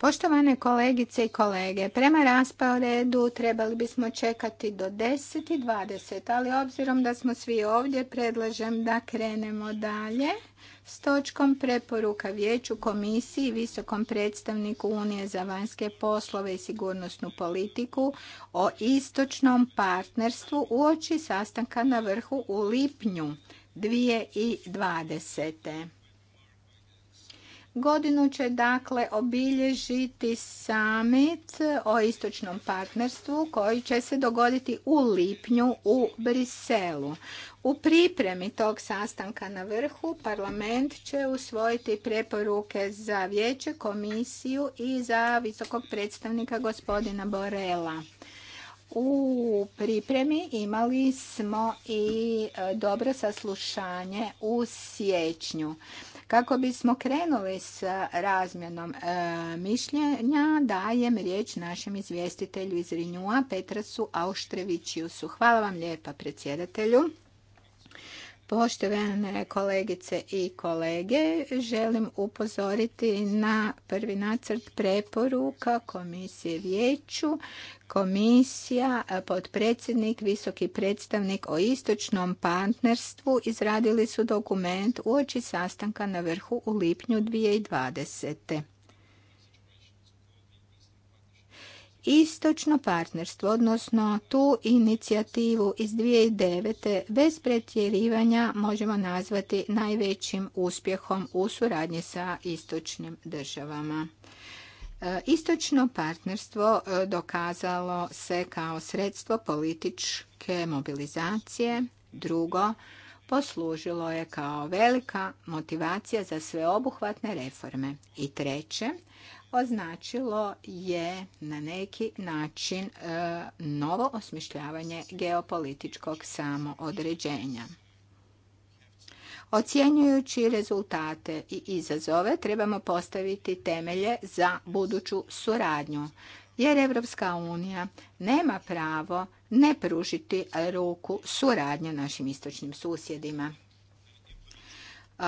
[SPEAKER 4] Poštovane kolegice i kolege, prema rasporedu trebali bismo čekati do 10.20, ali obzirom da smo svi ovdje, predlažem da krenemo dalje s točkom preporuka Vijeću komisiji visokom predstavniku Unije za vanjske poslove i sigurnosnu politiku o istočnom partnerstvu uoči sastanka na vrhu u lipnju. 2020. Godinu će dakle obilježiti summit o istočnom partnerstvu koji će se dogoditi u lipnju u Briselu. U pripremi tog sastanka na vrhu parlament će usvojiti preporuke za vijeće, komisiju i za visokog predstavnika gospodina Borela. U pripremi imali smo i e, dobro saslušanje u siječnju. Kako bismo krenuli s razmjenom e, mišljenja, dajem riječ našem izvjestitelju iz Rinjua, Petrasu Auštrevićiusu. Hvala vam lijepa predsjedatelju. Poštovane kolegice i kolege, želim upozoriti na prvi nacrt preporuka Komisije vijeću. Komisija, podpredsjednik, visoki predstavnik o istočnom partnerstvu izradili su dokument uoči sastanka na vrhu u lipnju 2020. istočno partnerstvo, odnosno tu inicijativu iz 2009. bez pretjerivanja možemo nazvati najvećim uspjehom u suradnji sa istočnim državama. E, istočno partnerstvo e, dokazalo se kao sredstvo političke mobilizacije. Drugo, poslužilo je kao velika motivacija za sveobuhvatne reforme. I treće, označilo je na neki način e, novo osmišljavanje geopolitičkog samoodređenja. Ocjenjujući rezultate i izazove trebamo postaviti temelje za buduću suradnju, jer Evropska unija nema pravo ne pružiti ruku suradnje našim istočnim susjedima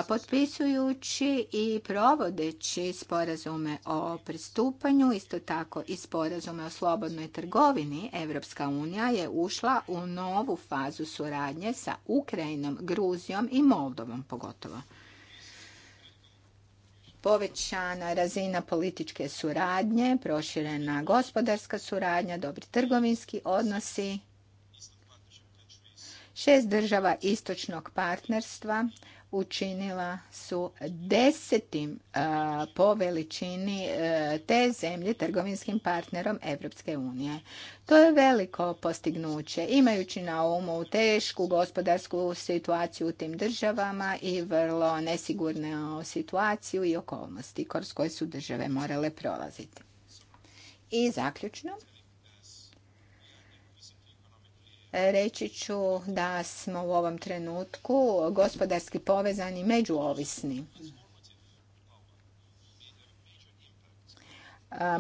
[SPEAKER 4] potpisujući i provodeći sporazume o pristupanju, isto tako i sporazume o slobodnoj trgovini, Evropska unija je ušla u novu fazu suradnje sa Ukrajinom, Gruzijom i Moldovom pogotovo. Povećana razina političke suradnje, proširena gospodarska suradnja, dobri trgovinski odnosi, šest država istočnog partnerstva, učinila su desetim po veličini e, te zemlje trgovinskim partnerom Evropske unije. To je veliko postignuće, imajući na umu tešku gospodarsku situaciju u tim državama i vrlo nesigurnu situaciju i okolnosti kroz koje su države morale prolaziti. I zaključno, reći ću da smo u ovom trenutku gospodarski povezani međuovisni.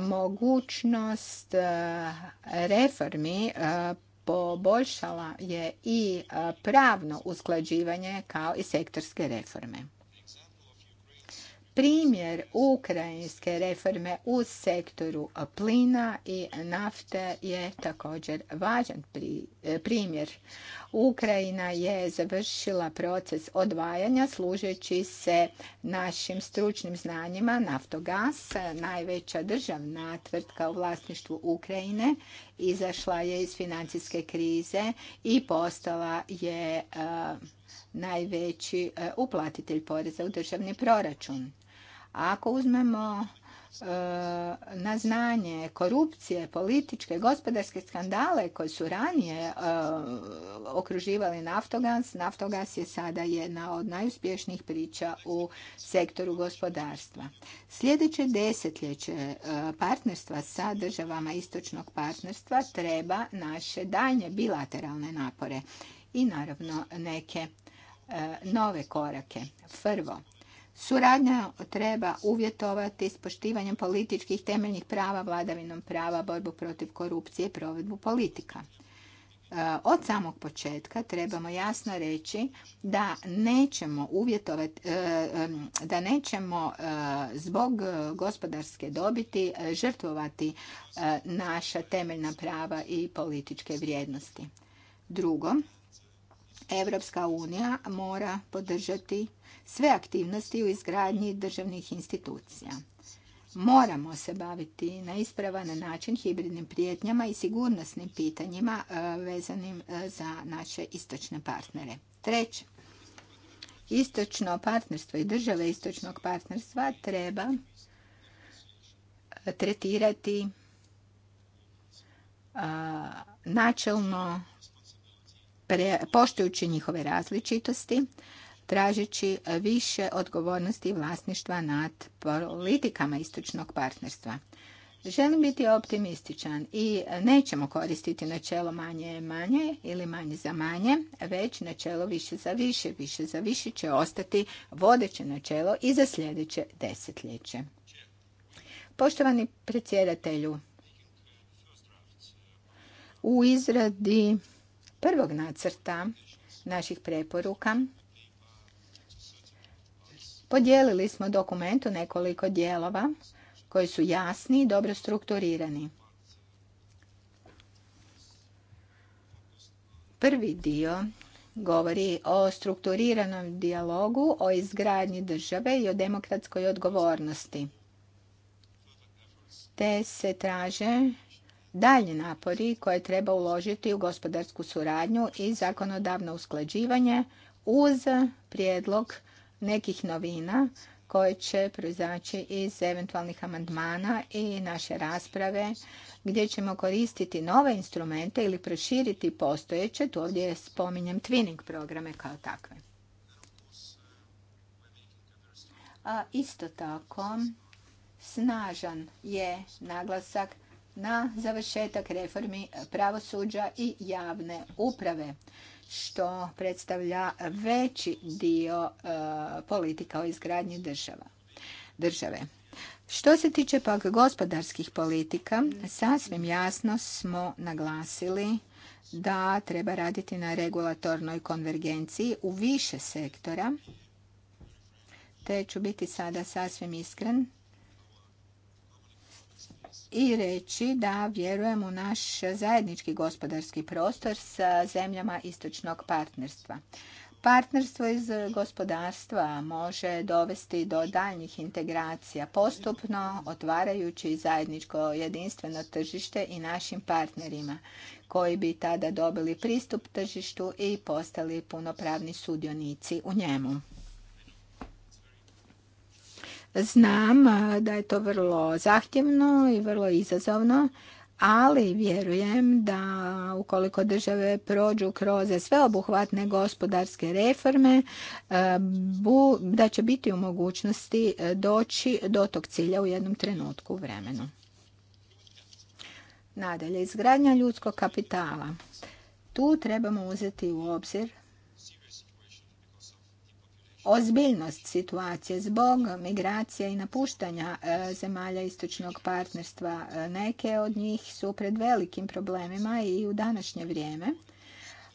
[SPEAKER 4] Mogućnost reformi poboljšala je i pravno usklađivanje kao i sektorske reforme primjer ukrajinske reforme u sektoru plina i nafte je također važan e, primjer. Ukrajina je završila proces odvajanja služeći se našim stručnim znanjima Naftogas, najveća državna tvrtka u vlasništvu Ukrajine, izašla je iz financijske krize i postala je e, najveći e, uplatitelj poreza u državni proračun ako uzmemo e, na znanje korupcije, političke, gospodarske skandale koje su ranije e, okruživali Naftogas. Naftogas je sada jedna od najuspješnijih priča u sektoru gospodarstva. Sljedeće desetljeće e, partnerstva sa državama istočnog partnerstva treba naše daljnje bilateralne napore i naravno neke nove korake. Prvo, Suradnja treba uvjetovati s poštivanjem političkih temeljnih prava, vladavinom prava, borbu protiv korupcije i provedbu politika. E, od samog početka trebamo jasno reći da nećemo e, da nećemo e, zbog gospodarske dobiti žrtvovati naša temeljna prava i političke vrijednosti. Drugo, Evropska unija mora podržati sve aktivnosti u izgradnji državnih institucija. Moramo se baviti na ispravan način hibridnim prijetnjama i sigurnosnim pitanjima e, vezanim e, za naše istočne partnere. Treće, istočno partnerstvo i države istočnog partnerstva treba e, tretirati načelno poštujući njihove različitosti, tražeći više odgovornosti i vlasništva nad politikama istočnog partnerstva. Želim biti optimističan i nećemo koristiti načelo manje je manje ili manje za manje, već načelo više za više. Više za više će ostati vodeće načelo i za sljedeće desetljeće. Poštovani predsjedatelju, u izradi prvog nacrta naših preporuka podijelili smo dokument u nekoliko dijelova koji su jasni i dobro strukturirani. Prvi dio govori o strukturiranom dijalogu, o izgradnji države i o demokratskoj odgovornosti. Te se traže dalji napori koje treba uložiti u gospodarsku suradnju i zakonodavno usklađivanje uz prijedlog nekih novina koje će proizaći iz eventualnih amandmana i naše rasprave gdje ćemo koristiti nove instrumente ili proširiti postojeće. Tu ovdje spominjem twinning programe kao takve. A isto tako snažan je naglasak na završetak reformi pravosuđa i javne uprave što predstavlja veći dio e, politika o izgradnji države. Što se tiče pak gospodarskih politika, sasvim jasno smo naglasili da treba raditi na regulatornoj konvergenciji u više sektora. Te ću biti sada sasvim iskren i reći da vjerujem u naš zajednički gospodarski prostor sa zemljama istočnog partnerstva. Partnerstvo iz gospodarstva može dovesti do daljnjih integracija postupno otvarajući zajedničko jedinstveno tržište i našim partnerima koji bi tada dobili pristup tržištu i postali punopravni sudionici u njemu. Znam eh, da je to vrlo zahtjevno i vrlo izazovno, ali vjerujem da ukoliko države prođu kroz sveobuhvatne gospodarske reforme, eh, da će biti u mogućnosti eh, doći do tog cilja u jednom trenutku vremena. vremenu. Nadalje, izgradnja ljudskog kapitala. Tu trebamo uzeti u obzir ozbiljnost situacije zbog migracija i napuštanja e, zemalja istočnog partnerstva. E, neke od njih su pred velikim problemima i u današnje vrijeme.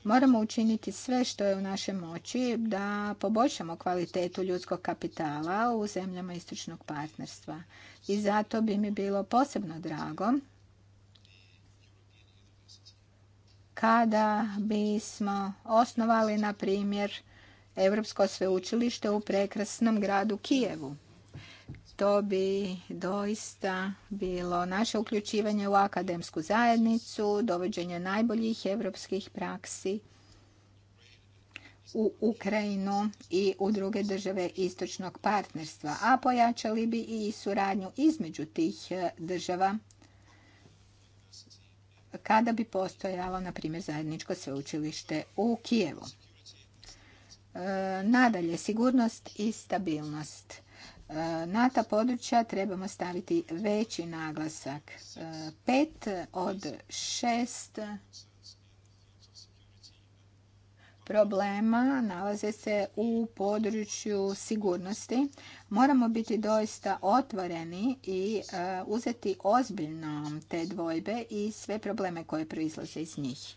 [SPEAKER 4] Moramo učiniti sve što je u našoj moći da poboljšamo kvalitetu ljudskog kapitala u zemljama istočnog partnerstva. I zato bi mi bilo posebno drago kada bismo osnovali, na primjer, Europsko sveučilište u prekrasnom gradu Kijevu. To bi doista bilo naše uključivanje u akademsku zajednicu, dovođenje najboljih europskih praksi u Ukrajinu i u druge države istočnog partnerstva, a pojačali bi i suradnju između tih e, država kada bi postojalo, na primjer, zajedničko sveučilište u Kijevu. Nadalje, sigurnost i stabilnost. E, na ta područja trebamo staviti veći naglasak. E, pet od šest problema nalaze se u području sigurnosti. Moramo biti doista otvoreni i e, uzeti ozbiljno te dvojbe i sve probleme koje proizlaze iz njih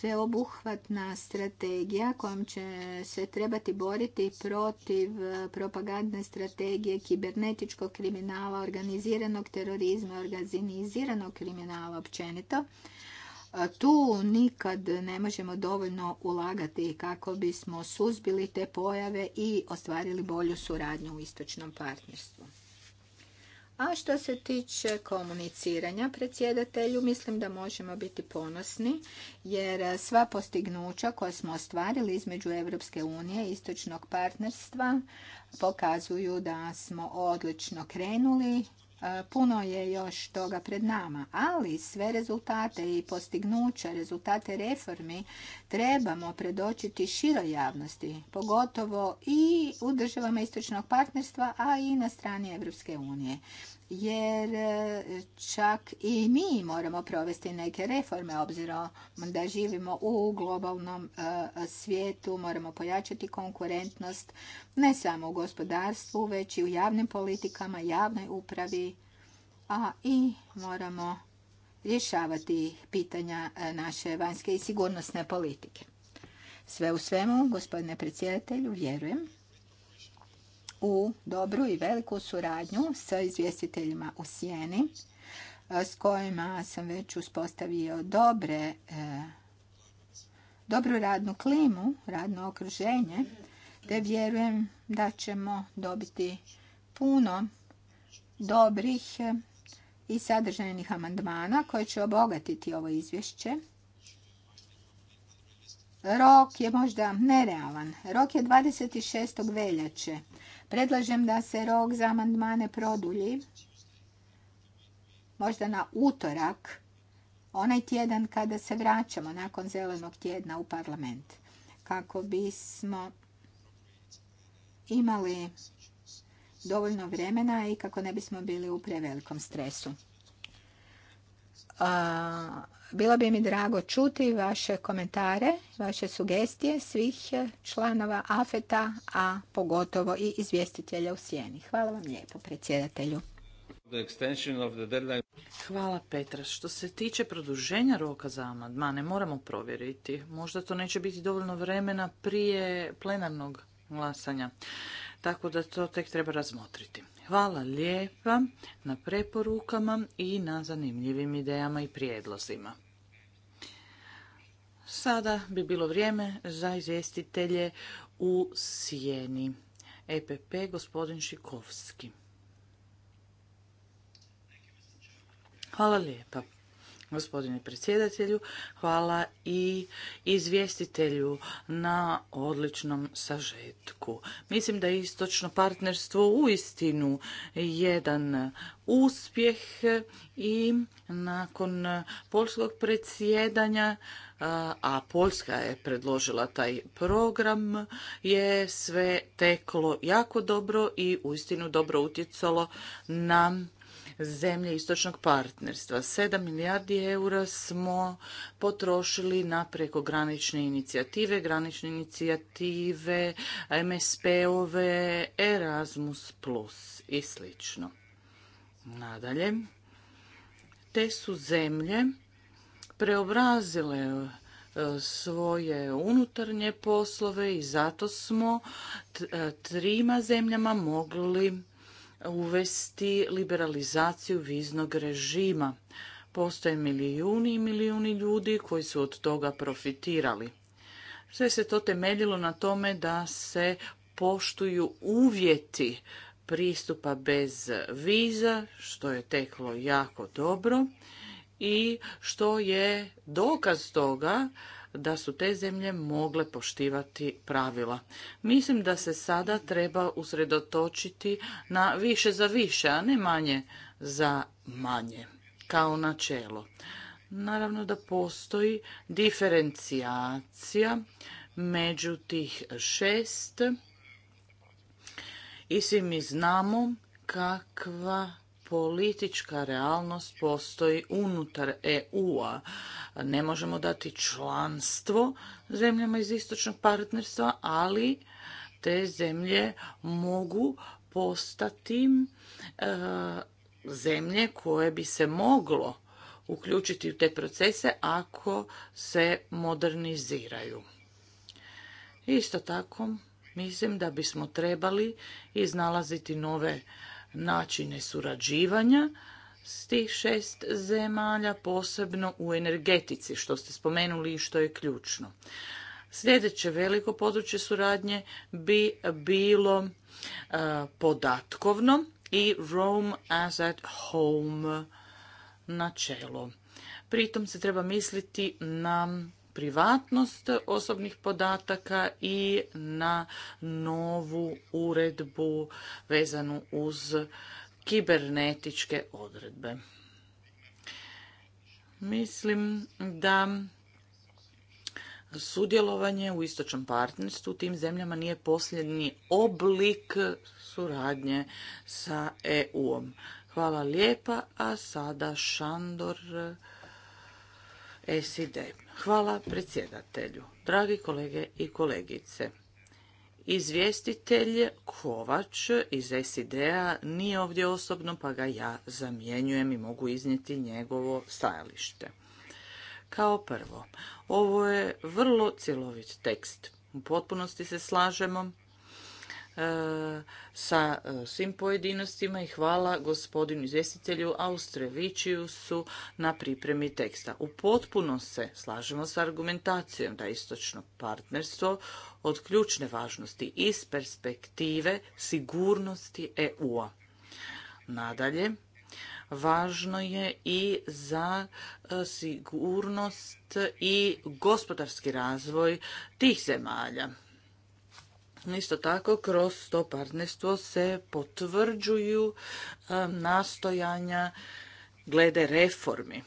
[SPEAKER 4] sveobuhvatna strategija kojom će se trebati boriti protiv e, propagandne strategije kibernetičkog kriminala, organiziranog terorizma, organiziranog kriminala općenito. E, tu nikad ne možemo dovoljno ulagati kako bismo suzbili te pojave i ostvarili bolju suradnju u istočnom partnerstvu. A što se tiče komuniciranja predsjedatelju, mislim da možemo biti ponosni jer sva postignuća koja smo ostvarili između Europske unije i istočnog partnerstva pokazuju da smo odlično krenuli Puno je još toga pred nama, ali sve rezultate i postignuća, rezultate reformi trebamo predočiti široj javnosti, pogotovo i u državama istočnog partnerstva, a i na strani Europske unije jer e, čak i mi moramo provesti neke reforme obzirom da živimo u globalnom e, svijetu, moramo pojačati konkurentnost ne samo u gospodarstvu, već i u javnim politikama, javnoj upravi, a i moramo rješavati pitanja e, naše vanjske i sigurnosne politike. Sve u svemu, gospodine predsjedatelju, vjerujem u dobru i veliku suradnju sa izvjestiteljima u Sjeni e, s kojima sam već uspostavio dobre, e, dobru radnu klimu, radno okruženje, te vjerujem da ćemo dobiti puno dobrih e, i sadržajnih amandmana koje će obogatiti ovo izvješće. Rok je možda nerealan. Rok je 26. veljače. Predlažem da se rok za amandmane produlji, možda na utorak, onaj tjedan kada se vraćamo nakon zelenog tjedna u parlament, kako bismo imali dovoljno vremena i kako ne bismo bili u prevelikom stresu. Bilo bi mi drago čuti vaše komentare, vaše sugestije svih članova AFETA, a pogotovo i izvjestitelja u sjeni. Hvala vam lijepo, predsjedatelju.
[SPEAKER 2] Hvala Petra. Što se tiče produženja roka za amandmane, moramo provjeriti. Možda to neće biti dovoljno vremena prije plenarnog glasanja. Tako da to tek treba razmotriti. Hvala lijepa na preporukama i na zanimljivim idejama i prijedlozima. Sada bi bilo vrijeme za izvjestitelje u Sjeni. EPP, gospodin Šikovski. Hvala lijepa, Gospodine predsjedatelju, hvala i izvjestitelju na odličnom sažetku. Mislim da je istočno partnerstvo u jedan uspjeh i nakon polskog predsjedanja a Poljska je predložila taj program, je sve teklo jako dobro i uistinu dobro utjecalo na zemlje istočnog partnerstva. 7 milijardi eura smo potrošili na prekogranične inicijative, granične inicijative, MSP-ove, Erasmus Plus i sl. Nadalje, te su zemlje preobrazile e, svoje unutarnje poslove i zato smo e, trima zemljama mogli uvesti liberalizaciju viznog režima. Postoje milijuni i milijuni ljudi koji su od toga profitirali. Sve se to temeljilo na tome da se poštuju uvjeti pristupa bez viza, što je teklo jako dobro i što je dokaz toga da su te zemlje mogle poštivati pravila. Mislim da se sada treba usredotočiti na više za više, a ne manje za manje, kao načelo. Naravno da postoji diferencijacija među tih šest i svi mi znamo kakva politička realnost postoji unutar EU-a. Ne možemo dati članstvo zemljama iz istočnog partnerstva, ali te zemlje mogu postati e, zemlje koje bi se moglo uključiti u te procese ako se moderniziraju. Isto tako, mislim da bismo trebali iznalaziti nove načine surađivanja s tih šest zemalja, posebno u energetici, što ste spomenuli i što je ključno. Sljedeće veliko područje suradnje bi bilo e, podatkovno i Rome as at home načelo. Pritom se treba misliti na privatnost osobnih podataka i na novu uredbu vezanu uz kibernetičke odredbe. Mislim da sudjelovanje u istočnom partnerstvu u tim zemljama nije posljednji oblik suradnje sa EU-om. Hvala lijepa, a sada Šandor SID. Hvala predsjedatelju. Dragi kolege i kolegice, izvjestitelj Kovač iz SID-a nije ovdje osobno, pa ga ja zamjenjujem i mogu iznijeti njegovo stajalište. Kao prvo, ovo je vrlo cjelovit tekst. U potpunosti se slažemo E, sa e, svim pojedinostima i hvala gospodinu izvjestitelju Austrevićiju su na pripremi teksta. U potpuno se slažemo s argumentacijom da istočno partnerstvo od ključne važnosti iz perspektive sigurnosti EU-a. Nadalje, važno je i za e, sigurnost i gospodarski razvoj tih zemalja. Isto tako, kroz to partnerstvo se potvrđuju e, nastojanja glede reformi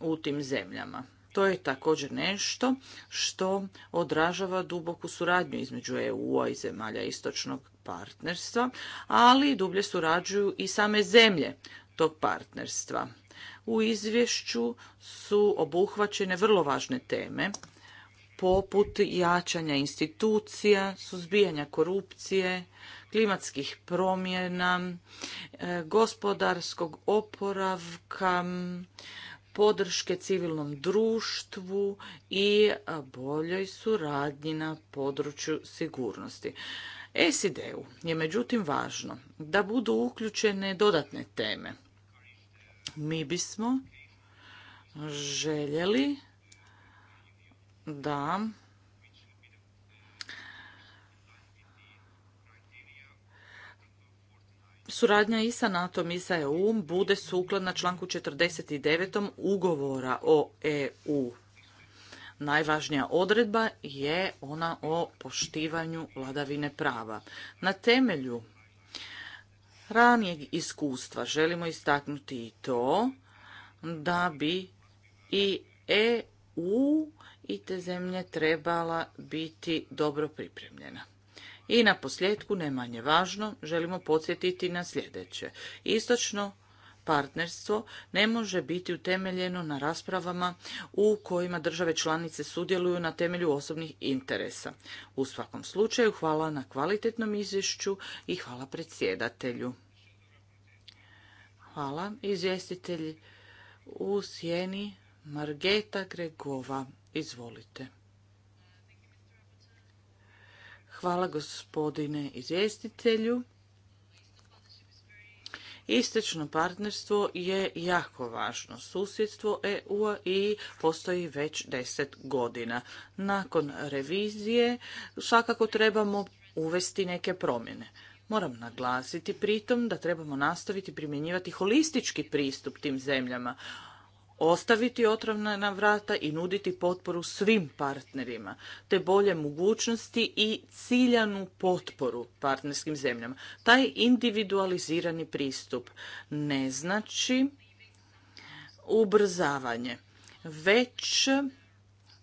[SPEAKER 2] u tim zemljama. To je također nešto što odražava duboku suradnju između EU-a i zemalja istočnog partnerstva, ali dublje surađuju i same zemlje tog partnerstva. U izvješću su obuhvaćene vrlo važne teme poput jačanja institucija, suzbijanja korupcije, klimatskih promjena, e, gospodarskog oporavka, podrške civilnom društvu i boljoj suradnji na području sigurnosti. SID-u je međutim važno da budu uključene dodatne teme. Mi bismo željeli da Suradnja i sa NATO-om i sa EU bude sukladna članku 49. ugovora o EU. Najvažnija odredba je ona o poštivanju vladavine prava. Na temelju ranijeg iskustva želimo istaknuti i to da bi i e u i te zemlje trebala biti dobro pripremljena. I na posljedku, ne manje važno, želimo podsjetiti na sljedeće. Istočno partnerstvo ne može biti utemeljeno na raspravama u kojima države članice sudjeluju na temelju osobnih interesa. U svakom slučaju hvala na kvalitetnom izvješću i hvala predsjedatelju. Hvala izvjestitelj u sjeni Margeta Gregova. Izvolite. Hvala gospodine izvjestitelju. Istočno partnerstvo je jako važno susjedstvo EU-a i postoji već deset godina. Nakon revizije svakako trebamo uvesti neke promjene. Moram naglasiti pritom da trebamo nastaviti primjenjivati holistički pristup tim zemljama ostaviti otrovna vrata i nuditi potporu svim partnerima, te bolje mogućnosti i ciljanu potporu partnerskim zemljama. Taj individualizirani pristup ne znači ubrzavanje, već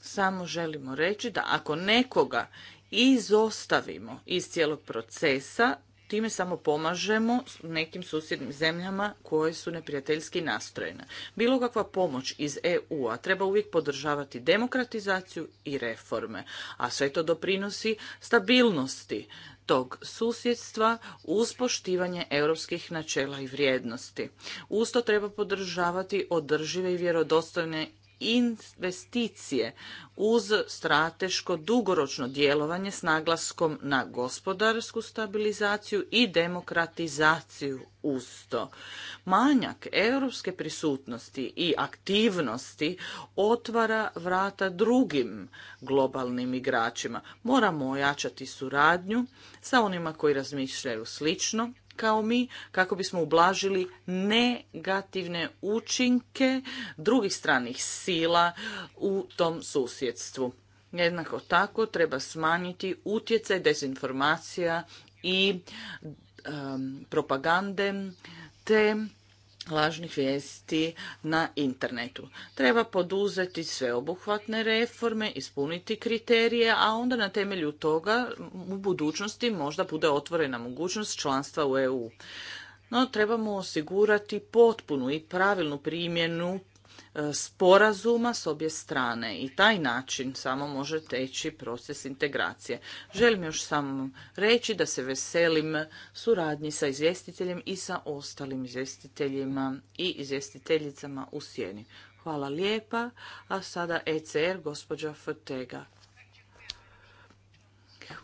[SPEAKER 2] samo želimo reći da ako nekoga izostavimo iz cijelog procesa, Time samo pomažemo nekim susjednim zemljama koje su neprijateljski nastrojene. Bilo kakva pomoć iz EU-a treba uvijek podržavati demokratizaciju i reforme, a sve to doprinosi stabilnosti tog susjedstva uz poštivanje europskih načela i vrijednosti. Usto treba podržavati održive i vjerodostojne investicije uz strateško dugoročno djelovanje s naglaskom na gospodarsku stabilizaciju i demokratizaciju uz to. Manjak europske prisutnosti i aktivnosti otvara vrata drugim globalnim igračima. Moramo ojačati suradnju sa onima koji razmišljaju slično kao mi kako bismo ublažili negativne učinke drugih stranih sila u tom susjedstvu. Jednako tako treba smanjiti utjecaj dezinformacija i propagande te lažnih vijesti na internetu. Treba poduzeti sveobuhvatne reforme, ispuniti kriterije, a onda na temelju toga u budućnosti možda bude otvorena mogućnost članstva u EU. No, trebamo osigurati potpunu i pravilnu primjenu sporazuma s obje strane i taj način samo može teći proces integracije. Želim još samo reći da se veselim suradnji sa izvjestiteljem i sa ostalim izvjestiteljima i izvjestiteljicama u sjeni. Hvala lijepa, a sada ECR, gospođa Fotega.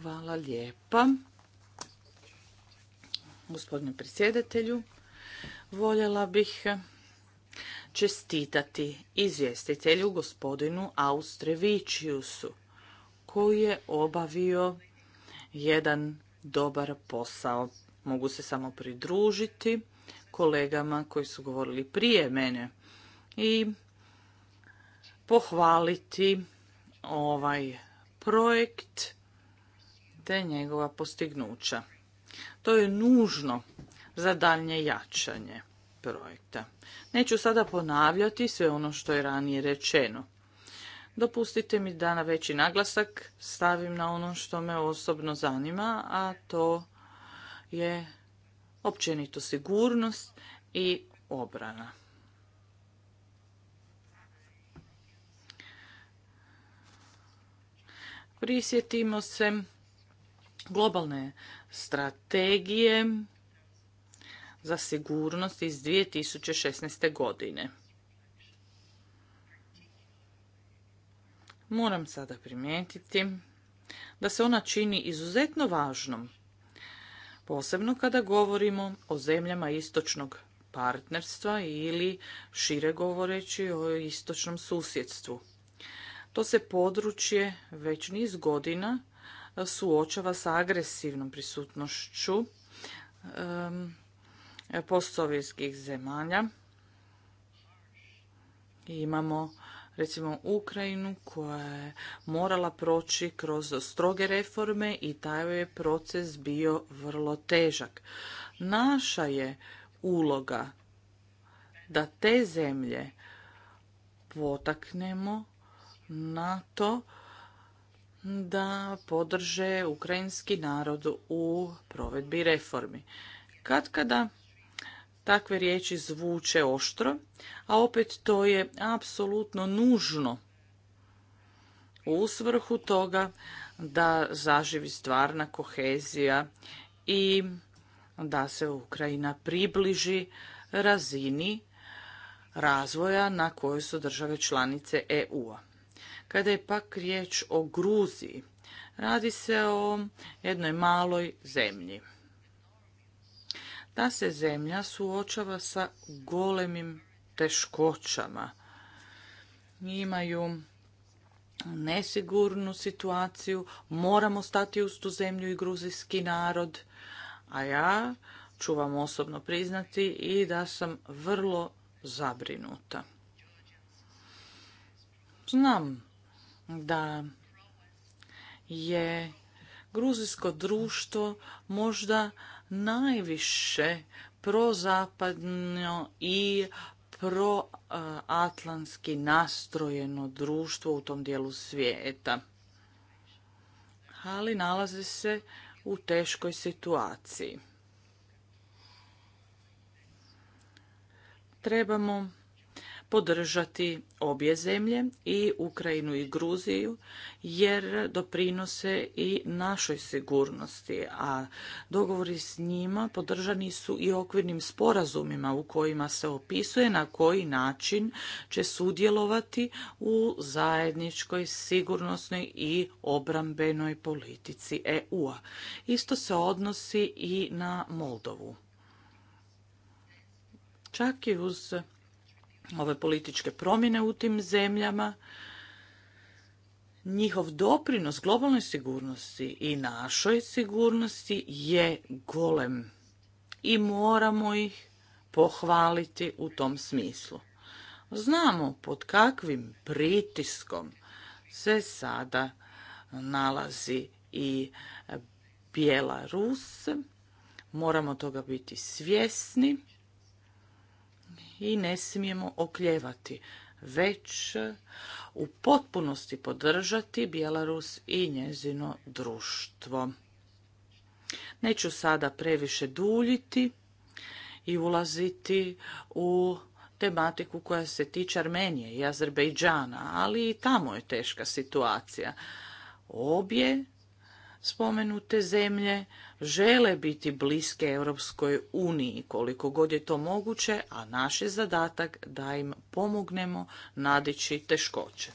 [SPEAKER 2] Hvala lijepa. Gospodine predsjedatelju, voljela bih čestitati izvjestitelju gospodinu Austrevičiusu koji je obavio jedan dobar posao. Mogu se samo pridružiti kolegama koji su govorili prije mene i pohvaliti ovaj projekt te njegova postignuća. To je nužno za daljnje jačanje projekta. Neću sada ponavljati sve ono što je ranije rečeno. Dopustite mi da na veći naglasak stavim na ono što me osobno zanima, a to je općenito sigurnost i obrana. Prisjetimo se globalne strategije za sigurnost iz 2016. godine. Moram sada primijetiti da se ona čini izuzetno važnom, posebno kada govorimo o zemljama istočnog partnerstva ili šire govoreći o istočnom susjedstvu. To se područje već niz godina suočava sa agresivnom prisutnošću postsovjetskih zemalja. imamo recimo Ukrajinu koja je morala proći kroz stroge reforme i taj je proces bio vrlo težak. Naša je uloga da te zemlje potaknemo na to da podrže ukrajinski narod u provedbi reformi. Kad kada takve riječi zvuče oštro, a opet to je apsolutno nužno u svrhu toga da zaživi stvarna kohezija i da se Ukrajina približi razini razvoja na kojoj su države članice EU-a. Kada je pak riječ o Gruziji, radi se o jednoj maloj zemlji ta se zemlja suočava sa golemim teškoćama. Imaju nesigurnu situaciju, moramo stati uz tu zemlju i gruzijski narod, a ja ću vam osobno priznati i da sam vrlo zabrinuta. Znam da je gruzijsko društvo možda najviše prozapadno i proatlantski nastrojeno društvo u tom dijelu svijeta. Ali nalaze se u teškoj situaciji. Trebamo podržati obje zemlje i Ukrajinu i Gruziju jer doprinose i našoj sigurnosti, a dogovori s njima podržani su i okvirnim sporazumima u kojima se opisuje na koji način će sudjelovati u zajedničkoj sigurnosnoj i obrambenoj politici EU-a. Isto se odnosi i na Moldovu. Čak i uz ove političke promjene u tim zemljama, njihov doprinos globalnoj sigurnosti i našoj sigurnosti je golem i moramo ih pohvaliti u tom smislu. Znamo pod kakvim pritiskom se sada nalazi i Bjelarus. Moramo toga biti svjesni i ne smijemo okljevati, već u potpunosti podržati Bjelarus i njezino društvo. Neću sada previše duljiti i ulaziti u tematiku koja se tiče Armenije i Azerbejdžana, ali i tamo je teška situacija. Obje spomenute zemlje žele biti bliske Europskoj uniji koliko god je to moguće, a naš je zadatak da im pomognemo nadići teškoće.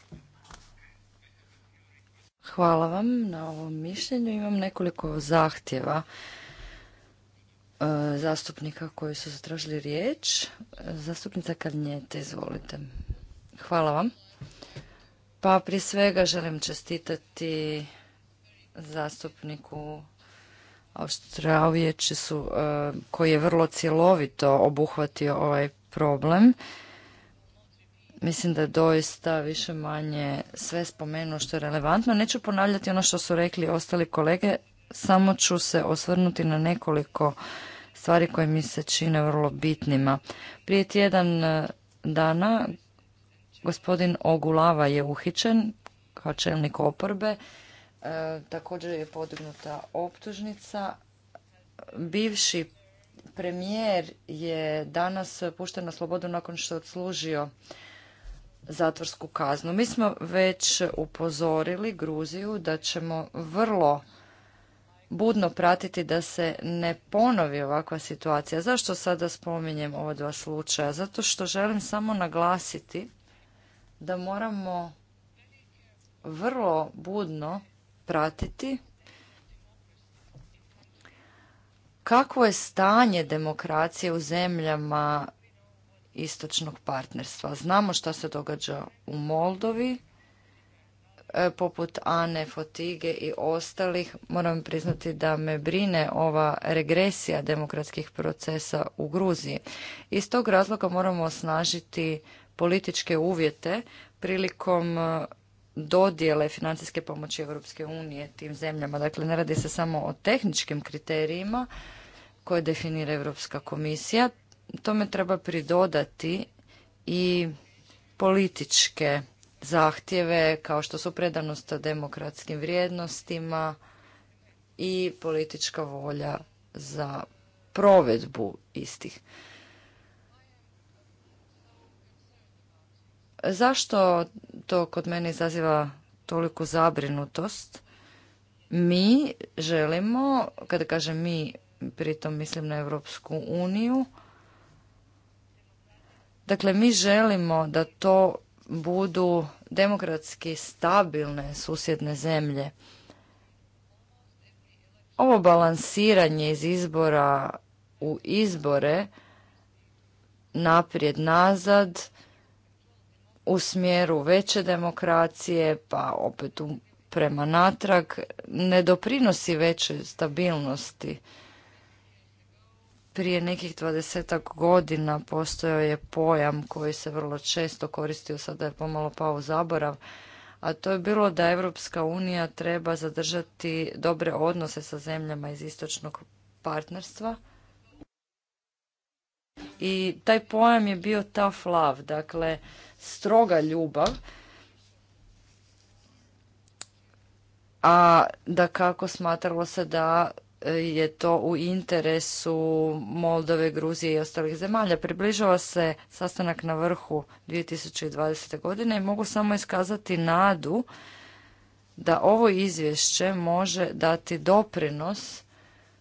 [SPEAKER 3] Hvala vam na ovom mišljenju. Imam nekoliko zahtjeva e, zastupnika koji su zatražili riječ. Zastupnica Karnjete, izvolite. Hvala vam. Pa prije svega želim čestitati zastupniku su e, koji je vrlo cjelovito obuhvatio ovaj problem. Mislim da je doista više manje sve spomenuo što je relevantno. Neću ponavljati ono što su rekli ostali kolege, samo ću se osvrnuti na nekoliko stvari koje mi se čine vrlo bitnima. Prije tjedan e, dana gospodin Ogulava je uhićen kao čelnik oporbe E, također je podignuta optužnica. Bivši premijer je danas pušten na slobodu nakon što je odslužio zatvorsku kaznu. Mi smo već upozorili Gruziju da ćemo vrlo budno pratiti da se ne ponovi ovakva situacija. Zašto sada spominjem ova dva slučaja? Zato što želim samo naglasiti da moramo vrlo budno pratiti kakvo je stanje demokracije u zemljama istočnog partnerstva. Znamo što se događa u Moldovi, e, poput Ane Fotige i ostalih. Moram priznati da me brine ova regresija demokratskih procesa u Gruziji. Iz tog razloga moramo osnažiti političke uvjete prilikom e, dodjele financijske pomoći Europske unije tim zemljama. Dakle, ne radi se samo o tehničkim kriterijima koje definira Europska komisija. Tome treba pridodati i političke zahtjeve kao što su predanost demokratskim vrijednostima i politička volja za provedbu istih. Zašto to kod mene izaziva toliku zabrinutost? Mi želimo, kada kažem mi, pritom mislim na Europsku uniju, dakle mi želimo da to budu demokratski stabilne susjedne zemlje. Ovo balansiranje iz izbora u izbore, naprijed nazad, u smjeru veće demokracije, pa opet u, prema natrag, ne doprinosi većoj stabilnosti. Prije nekih dvadesetak godina postojao je pojam koji se vrlo često koristio, sada je pomalo pao u zaborav, a to je bilo da Europska unija treba zadržati dobre odnose sa zemljama iz istočnog partnerstva. I taj pojam je bio tough love, dakle stroga ljubav, a da kako smatralo se da je to u interesu Moldove, Gruzije i ostalih zemalja. Približava se sastanak na vrhu 2020. godine i mogu samo iskazati nadu da ovo izvješće može dati doprinos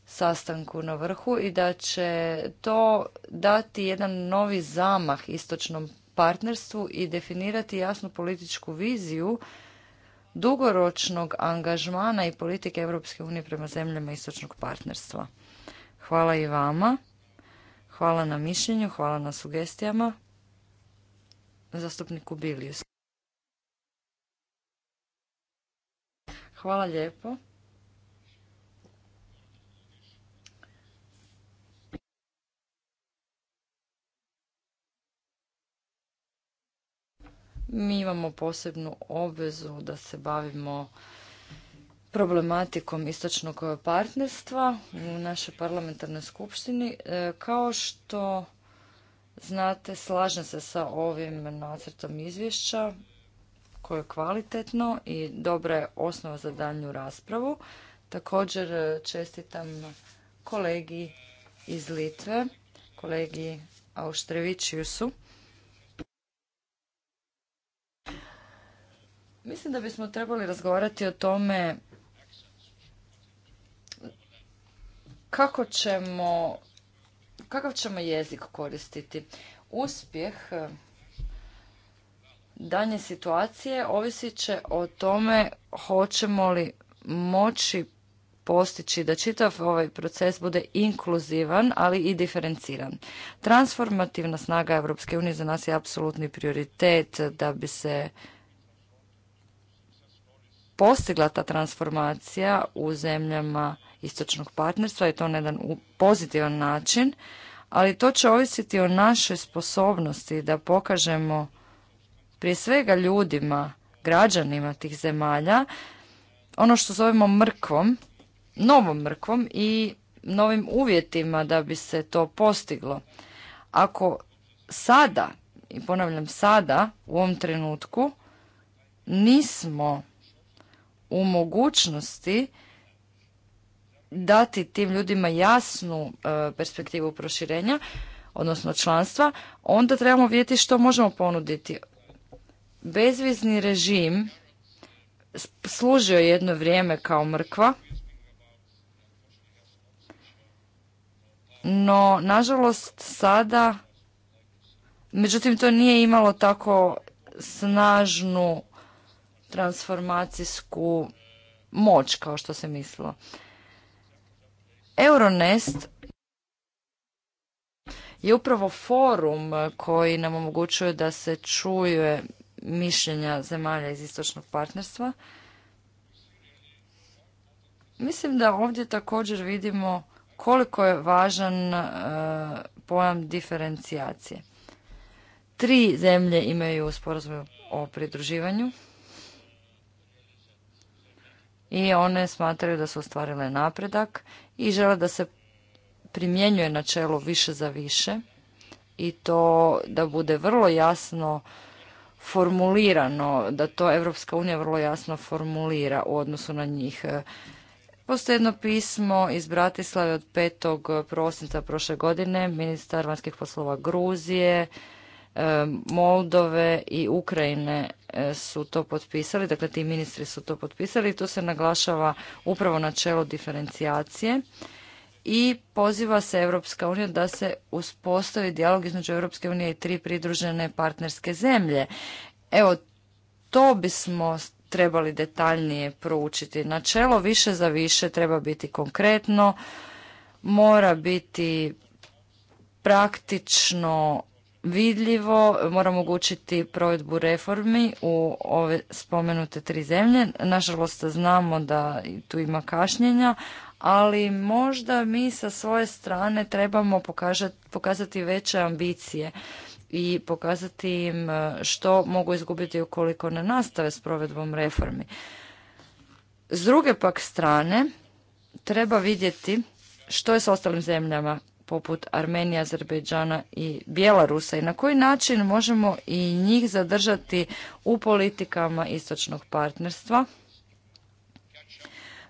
[SPEAKER 3] sastanku na vrhu i da će to dati jedan novi zamah istočnom partnerstvu i definirati jasnu političku viziju dugoročnog angažmana i politike Europske unije prema zemljama istočnog partnerstva. Hvala i vama. Hvala na mišljenju, hvala na sugestijama. Zastupniku Bilijus. Hvala lijepo. mi imamo posebnu obvezu da se bavimo problematikom istočnog partnerstva u našoj parlamentarnoj skupštini. E, kao što znate, slažem se sa ovim nacrtom izvješća koje je kvalitetno i dobra je osnova za daljnju raspravu. Također e, čestitam kolegi iz Litve, kolegi Austrevičiusu. Mislim da bismo trebali razgovarati o tome kako ćemo, kakav ćemo jezik koristiti. Uspjeh danje situacije ovisit će o tome hoćemo li moći postići da čitav ovaj proces bude inkluzivan, ali i diferenciran. Transformativna snaga Europske unije za nas je apsolutni prioritet da bi se postigla ta transformacija u zemljama istočnog partnerstva i to na jedan pozitivan način, ali to će ovisiti o našoj sposobnosti da pokažemo prije svega ljudima, građanima tih zemalja, ono što zovemo mrkvom, novom mrkvom i novim uvjetima da bi se to postiglo. Ako sada, i ponavljam sada, u ovom trenutku, nismo u mogućnosti dati tim ljudima jasnu e, perspektivu proširenja, odnosno članstva, onda trebamo vidjeti što možemo ponuditi. Bezvizni režim služio jedno vrijeme kao mrkva, no nažalost sada, međutim to nije imalo tako snažnu transformacijsku moć kao što se mislilo. Euronest je upravo forum koji nam omogućuje da se čuje mišljenja zemalja iz istočnog partnerstva. Mislim da ovdje također vidimo koliko je važan e, pojam diferencijacije. Tri zemlje imaju sporazum o pridruživanju i one smatraju da su ostvarile napredak i žele da se primjenjuje načelo više za više i to da bude vrlo jasno formulirano, da to Evropska unija vrlo jasno formulira u odnosu na njih. Postoje jedno pismo iz Bratislave od 5. prosinca prošle godine, ministar vanjskih poslova Gruzije, E, Moldove i Ukrajine e, su to potpisali, dakle ti ministri su to potpisali i tu se naglašava upravo načelo diferencijacije i poziva se Europska unija da se uspostavi dijalog između Europske unije i tri pridružene partnerske zemlje. Evo, to bismo trebali detaljnije proučiti. Načelo više za više treba biti konkretno, mora biti praktično vidljivo, mora omogućiti provedbu reformi u ove spomenute tri zemlje. Nažalost, znamo da tu ima kašnjenja, ali možda mi sa svoje strane trebamo pokazati veće ambicije i pokazati im e, što mogu izgubiti ukoliko ne nastave s provedbom reformi. S druge pak strane, treba vidjeti što je s ostalim zemljama poput Armenije, Azerbejdžana i Bjelarusa i na koji način možemo i njih zadržati u politikama istočnog partnerstva.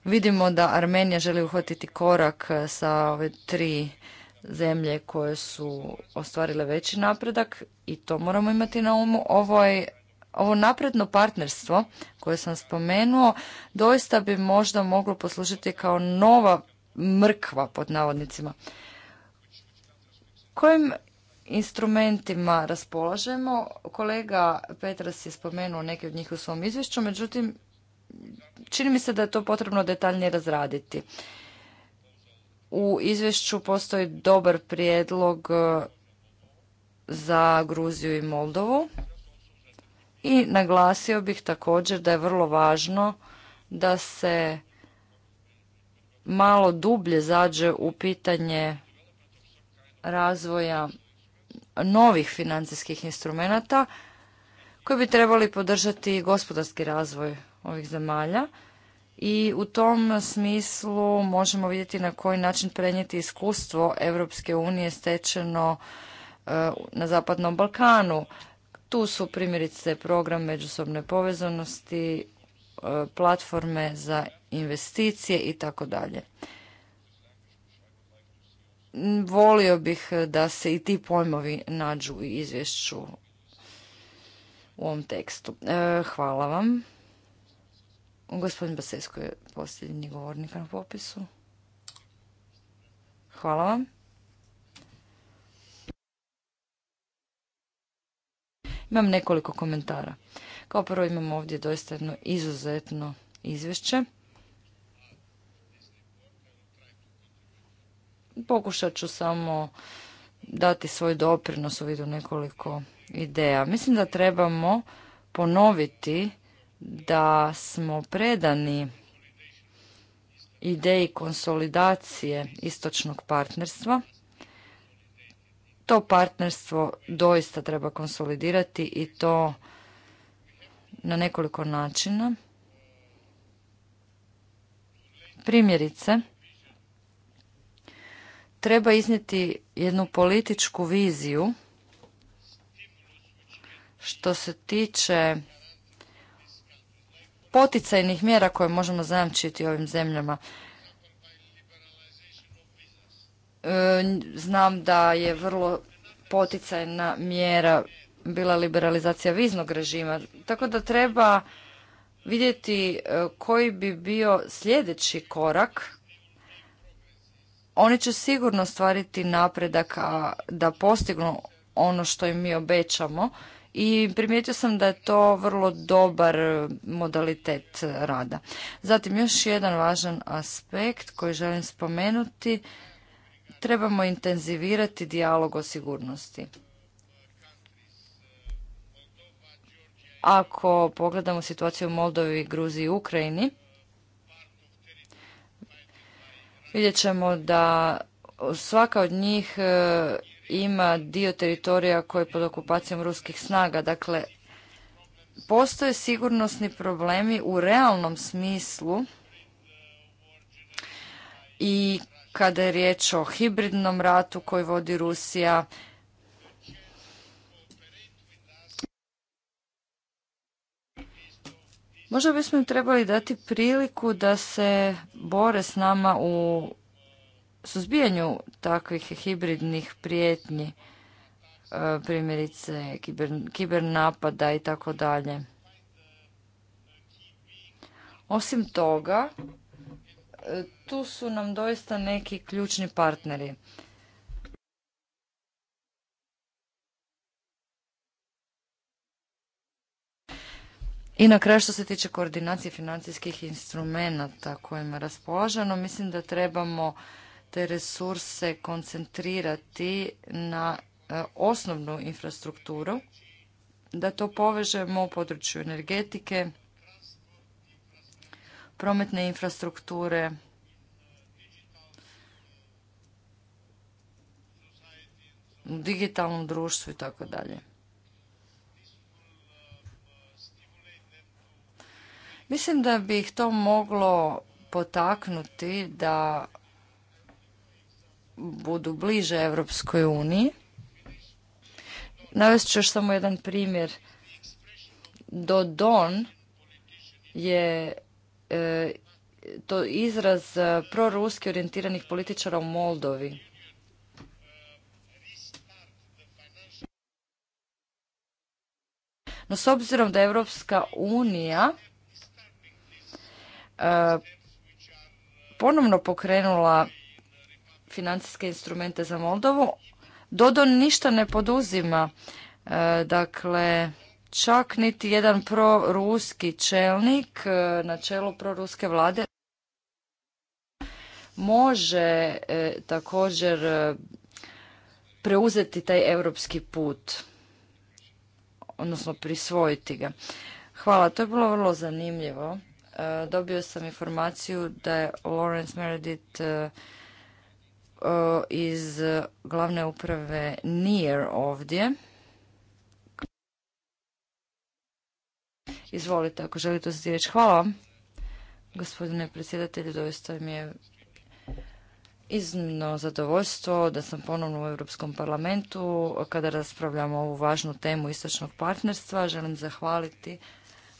[SPEAKER 3] Vidimo da Armenija želi uhvatiti korak sa ove tri zemlje koje su ostvarile veći napredak i to moramo imati na umu. Ovo ovo napredno partnerstvo koje sam spomenuo doista bi možda moglo poslužiti kao nova mrkva pod navodnicima kojim instrumentima raspolažemo? Kolega Petras je spomenuo neke od njih u svom izvješću, međutim, čini mi se da je to potrebno detaljnije razraditi. U izvješću postoji dobar prijedlog e, za Gruziju i Moldovu i naglasio bih također da je vrlo važno da se malo dublje zađe u pitanje razvoja novih financijskih instrumenata koji bi trebali podržati gospodarski razvoj ovih zemalja i u tom smislu možemo vidjeti na koji način prenijeti iskustvo Europske unije stečeno e, na Zapadnom Balkanu. Tu su primjerice program međusobne povezanosti, e, platforme za investicije i tako dalje volio bih eh, da se i ti pojmovi nađu u izvješću u ovom tekstu. Eh, hvala vam. Gospodin Basesko je posljednji govornik na popisu. Hvala vam. Imam nekoliko komentara. Kao prvo imamo ovdje doista jedno izuzetno izvješće. Pokušat ću samo dati svoj doprinos u vidu nekoliko ideja. Mislim da trebamo ponoviti da smo predani ideji konsolidacije istočnog partnerstva. To partnerstvo doista treba konsolidirati i to na nekoliko načina. Primjerice, treba iznijeti jednu političku viziju što se tiče poticajnih mjera koje možemo zajamčiti ovim zemljama. E, znam da je vrlo poticajna mjera bila liberalizacija viznog režima, tako da treba vidjeti e, koji bi bio sljedeći korak oni će sigurno stvariti napredak da postignu ono što im mi obećamo i primijetio sam da je to vrlo dobar modalitet rada. Zatim još jedan važan aspekt koji želim spomenuti, trebamo intenzivirati dijalog o sigurnosti. Ako pogledamo situaciju u Moldovi, Gruziji i Ukrajini, vidjet ćemo da svaka od njih e, ima dio teritorija koji je pod okupacijom ruskih snaga. Dakle, postoje sigurnosni problemi u realnom smislu i kada je riječ o hibridnom ratu koji vodi Rusija, Možda bismo im trebali dati priliku da se bore s nama u suzbijanju takvih hibridnih prijetnji, e, primjerice kibernapada i tako dalje. Osim toga, e, tu su nam doista neki ključni partneri. I na kraju što se tiče koordinacije financijskih instrumenata kojima je mislim da trebamo te resurse koncentrirati na e, osnovnu infrastrukturu, da to povežemo u području energetike, prometne infrastrukture, digitalnom društvu i tako dalje. Mislim da bi ih to moglo potaknuti da budu bliže Europskoj uniji. Navest ću još samo jedan primjer. Dodon je e, to izraz proruski orijentiranih političara u Moldovi. No s obzirom da je Europska unija ponovno pokrenula financijske instrumente za Moldovu, Dodo ništa ne poduzima. E, dakle, čak niti jedan proruski čelnik e, na čelu proruske vlade može e, također preuzeti taj europski put, odnosno prisvojiti ga. Hvala, to je bilo vrlo zanimljivo. E, dobio sam informaciju da je Lawrence Meredith e, iz glavne uprave NIR ovdje. Izvolite, ako želite uzeti riječ. Hvala vam, gospodine predsjedatelju. Doista mi je iznimno zadovoljstvo da sam ponovno u Europskom parlamentu kada raspravljamo ovu važnu temu istočnog partnerstva. Želim zahvaliti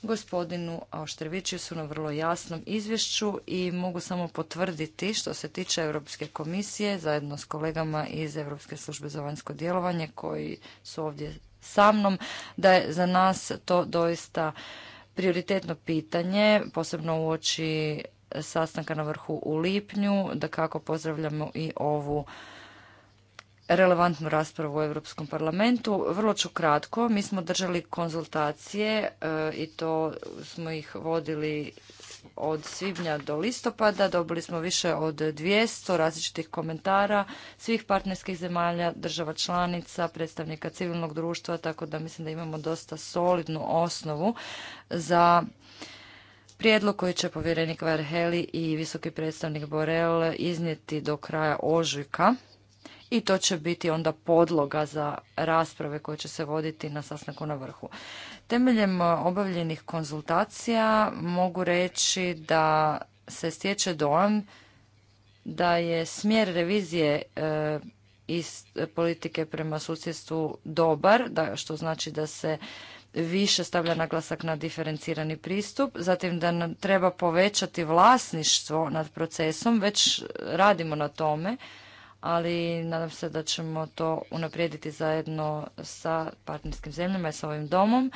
[SPEAKER 3] gospodinu Oštreviću su na vrlo jasnom izvješću i mogu samo potvrditi što se tiče Europske komisije zajedno s kolegama iz Europske službe za vanjsko djelovanje koji su ovdje sa mnom da je za nas to doista prioritetno pitanje, posebno u oči sastanka na vrhu u lipnju, da kako pozdravljamo i ovu relevantnu raspravu u Europskom parlamentu. Vrlo ću kratko, mi smo držali konzultacije e, i to smo ih vodili od svibnja do listopada. Dobili smo više od 200 različitih komentara svih partnerskih zemalja, država članica, predstavnika civilnog društva, tako da mislim da imamo dosta solidnu osnovu za prijedlog koji će povjerenik Varheli i visoki predstavnik Borel iznijeti do kraja ožujka i to će biti onda podloga za rasprave koje će se voditi na sastanku na vrhu. Temeljem e, obavljenih konzultacija mogu reći da se stječe dojam da je smjer revizije e, iz politike prema susjedstvu dobar, da, što znači da se više stavlja naglasak na diferencirani pristup, zatim da nam treba povećati vlasništvo nad procesom, već radimo na tome, ali nadam se da ćemo to unaprijediti zajedno sa partnerskim zemljama i sa ovim domom.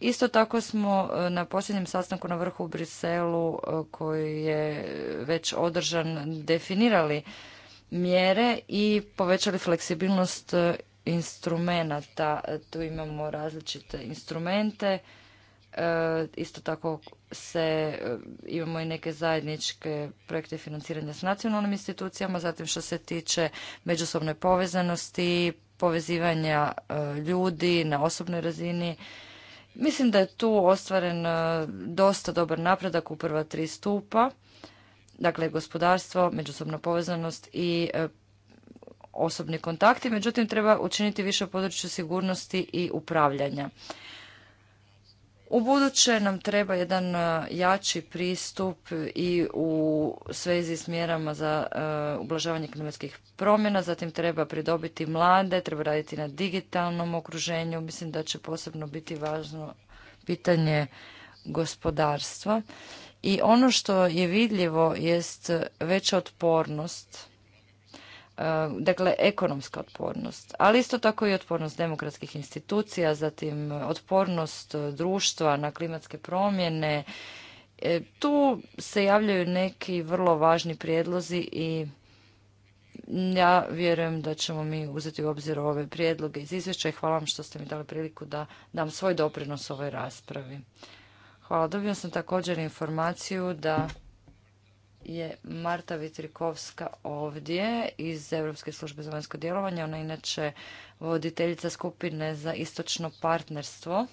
[SPEAKER 3] Isto tako smo e, na posljednjem sastanku na vrhu u Briselu e, koji je već održan definirali mjere i povećali fleksibilnost e, instrumenata. Tu imamo različite instrumente, isto tako se e, imamo i neke zajedničke projekte financiranja s nacionalnim institucijama, zatim što se tiče međusobne povezanosti, povezivanja e, ljudi na osobnoj razini. Mislim da je tu ostvaren e, dosta dobar napredak u prva tri stupa, dakle gospodarstvo, međusobna povezanost i osobni kontakti, međutim treba učiniti više u području sigurnosti i upravljanja. U buduće nam treba jedan e, jači pristup i u svezi s mjerama za e, ublažavanje klimatskih promjena, zatim treba pridobiti mlade, treba raditi na digitalnom okruženju, mislim da će posebno biti važno pitanje gospodarstva. I ono što je vidljivo jest veća otpornost E, dakle ekonomska otpornost, ali isto tako i otpornost demokratskih institucija, zatim otpornost društva na klimatske promjene. E, tu se javljaju neki vrlo važni prijedlozi i ja vjerujem da ćemo mi uzeti u obzir ove prijedloge iz izvješća i hvala vam što ste mi dali priliku da dam svoj doprinos ovoj raspravi. Hvala. Dobio sam također informaciju da je Marta Vitrikovska ovdje iz Europske službe za vanjsko djelovanje. Ona je inače voditeljica skupine za istočno partnerstvo.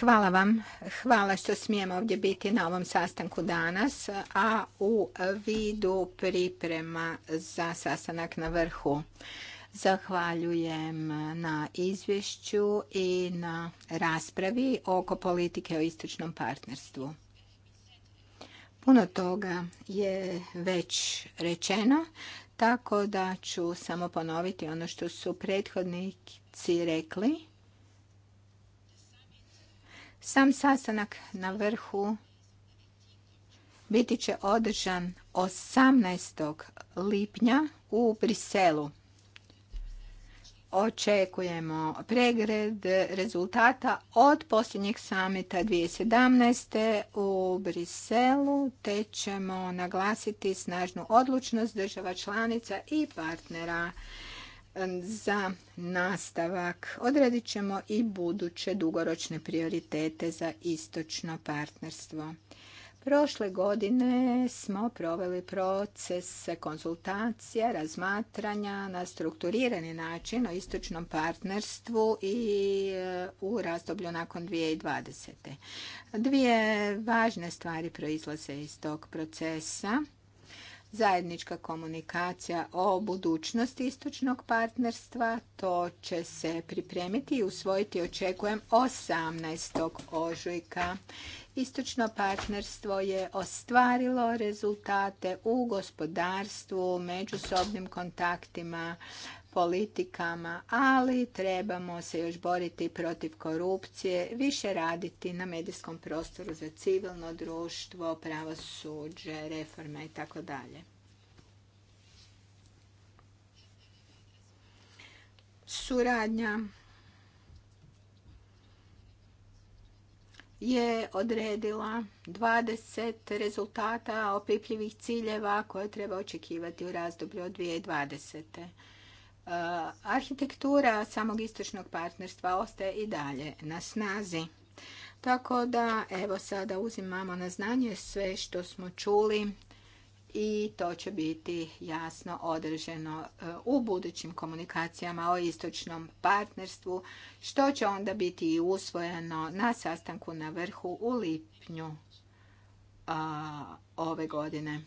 [SPEAKER 4] Hvala vam. Hvala što smijem ovdje biti na ovom sastanku danas, a u vidu priprema za sastanak na vrhu. Zahvaljujem na izvješću i na raspravi oko politike o istočnom partnerstvu. Puno toga je već rečeno, tako da ću samo ponoviti ono što su prethodnici rekli. Sam sastanak na vrhu biti će održan 18. lipnja u Briselu očekujemo pregred rezultata od posljednjeg samita 2017. u Briselu, te ćemo naglasiti snažnu odlučnost država članica i partnera za nastavak. Odredit ćemo i buduće dugoročne prioritete za istočno partnerstvo. Prošle godine smo proveli proces konzultacija, razmatranja na strukturirani način o istočnom partnerstvu i e, u razdoblju nakon 2020. Dvije važne stvari proizlaze iz tog procesa. Zajednička komunikacija o budućnosti istočnog partnerstva, to će se pripremiti i usvojiti očekujem 18. ožujka Istočno partnerstvo je ostvarilo rezultate u gospodarstvu, međusobnim kontaktima, politikama, ali trebamo se još boriti protiv korupcije, više raditi na medijskom prostoru za civilno društvo, pravosuđe, reforme i tako dalje. Suradnja je odredila 20 rezultata opipljivih ciljeva koje treba očekivati u razdoblju od 2020. E, arhitektura samog istočnog partnerstva ostaje i dalje na snazi. Tako da, evo sada uzimamo na znanje sve što smo čuli i to će biti jasno održeno e, u budućim komunikacijama o istočnom partnerstvu, što će onda biti i usvojeno na sastanku na vrhu u lipnju ove godine.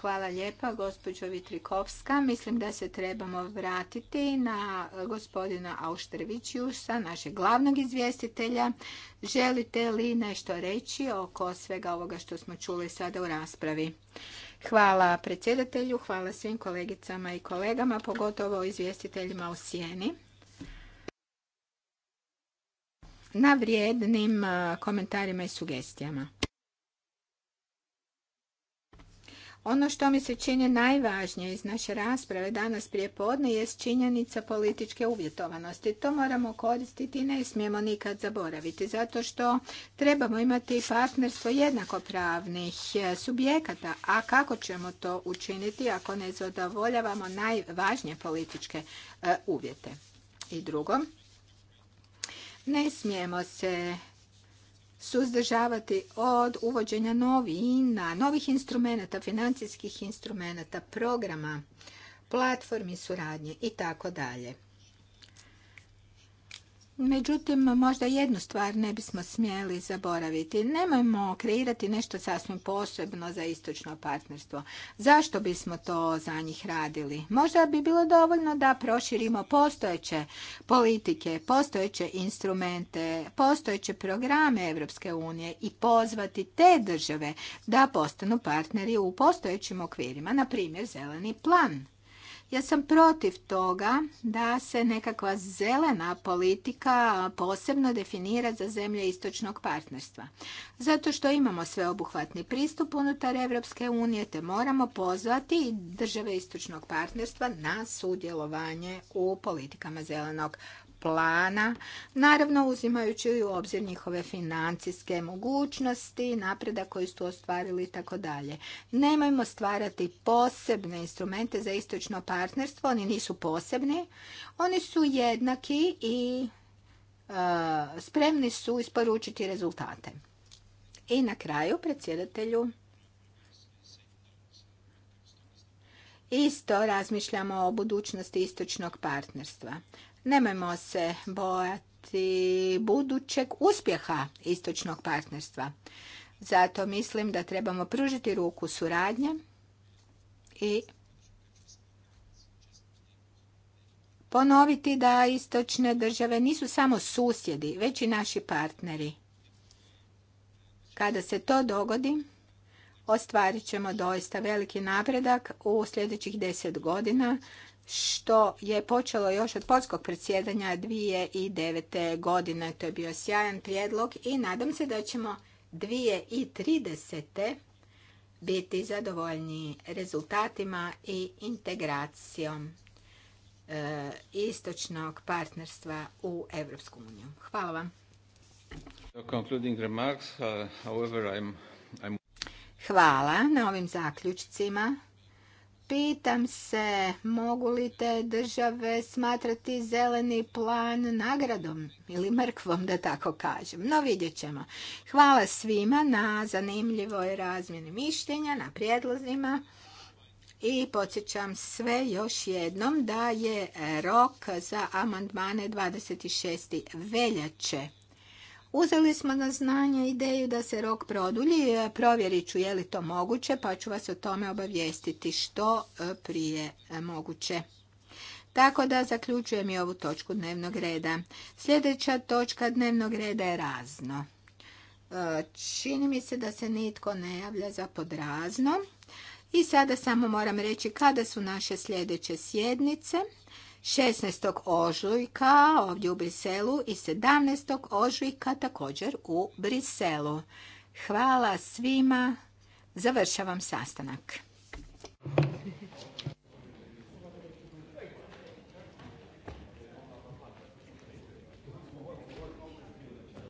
[SPEAKER 4] Hvala lijepa, gospođo Vitrikovska. Mislim da se trebamo vratiti na gospodina Auštervićijusa, našeg glavnog izvjestitelja. Želite li nešto reći oko svega ovoga što smo čuli sada u raspravi? Hvala predsjedatelju, hvala svim kolegicama i kolegama, pogotovo izvjestiteljima u Sjeni. Na vrijednim komentarima i sugestijama. Ono što mi se čini najvažnije iz naše rasprave danas prije podne je činjenica političke uvjetovanosti. To moramo koristiti i ne smijemo nikad zaboraviti, zato što trebamo imati partnerstvo jednakopravnih e, subjekata. A kako ćemo to učiniti ako ne zadovoljavamo najvažnije političke e, uvjete? I drugo, ne smijemo se suzdržavati od uvođenja novina, novih instrumenata, financijskih instrumenata, programa, platformi suradnje i tako dalje. Međutim, možda jednu stvar ne bismo smjeli zaboraviti. Nemojmo kreirati nešto sasvim posebno za istočno partnerstvo. Zašto bismo to za njih radili? Možda bi bilo dovoljno da proširimo postojeće politike, postojeće instrumente, postojeće programe Europske unije i pozvati te države da postanu partneri u postojećim okvirima, na primjer zeleni plan. Ja sam protiv toga da se nekakva zelena politika posebno definira za zemlje istočnog partnerstva. Zato što imamo sveobuhvatni pristup unutar Evropske unije te moramo pozvati države istočnog partnerstva na sudjelovanje u politikama zelenog plana, naravno uzimajući u obzir njihove financijske mogućnosti, napreda koji su ostvarili i tako dalje. Nemojmo stvarati posebne instrumente za istočno partnerstvo, oni nisu posebni, oni su jednaki i e, spremni su isporučiti rezultate. I na kraju, predsjedatelju, Isto razmišljamo o budućnosti istočnog partnerstva. Nemojmo se bojati budućeg uspjeha istočnog partnerstva. Zato mislim da trebamo pružiti ruku suradnje i ponoviti da istočne države nisu samo susjedi, već i naši partneri. Kada se to dogodi, ostvarit ćemo doista veliki napredak u sljedećih deset godina što je počelo još od polskog predsjedanja 2009. godine. To je bio sjajan prijedlog i nadam se da ćemo 2030. biti zadovoljni rezultatima i integracijom e, istočnog partnerstva u Europsku uniju. Hvala vam. Uh, Hvala na ovim zaključcima. Pitam se, mogu li te države smatrati zeleni plan nagradom ili mrkvom, da tako kažem. No vidjet ćemo. Hvala svima na zanimljivoj razmjeni mišljenja, na prijedlozima. I podsjećam sve još jednom da je rok za amandmane 26. veljače Uzeli smo na znanje ideju da se rok produlji, e, provjerit ću je li to moguće, pa ću vas o tome obavijestiti što e, prije e, moguće. Tako da zaključujem i ovu točku dnevnog reda. Sljedeća točka dnevnog reda je razno. Čini mi se da se nitko ne javlja za podrazno. I sada samo moram reći kada su naše sljedeće sjednice. 16. ožujka ovdje u Briselu i 17. ožujka također u Briselu. Hvala svima. Završavam sastanak.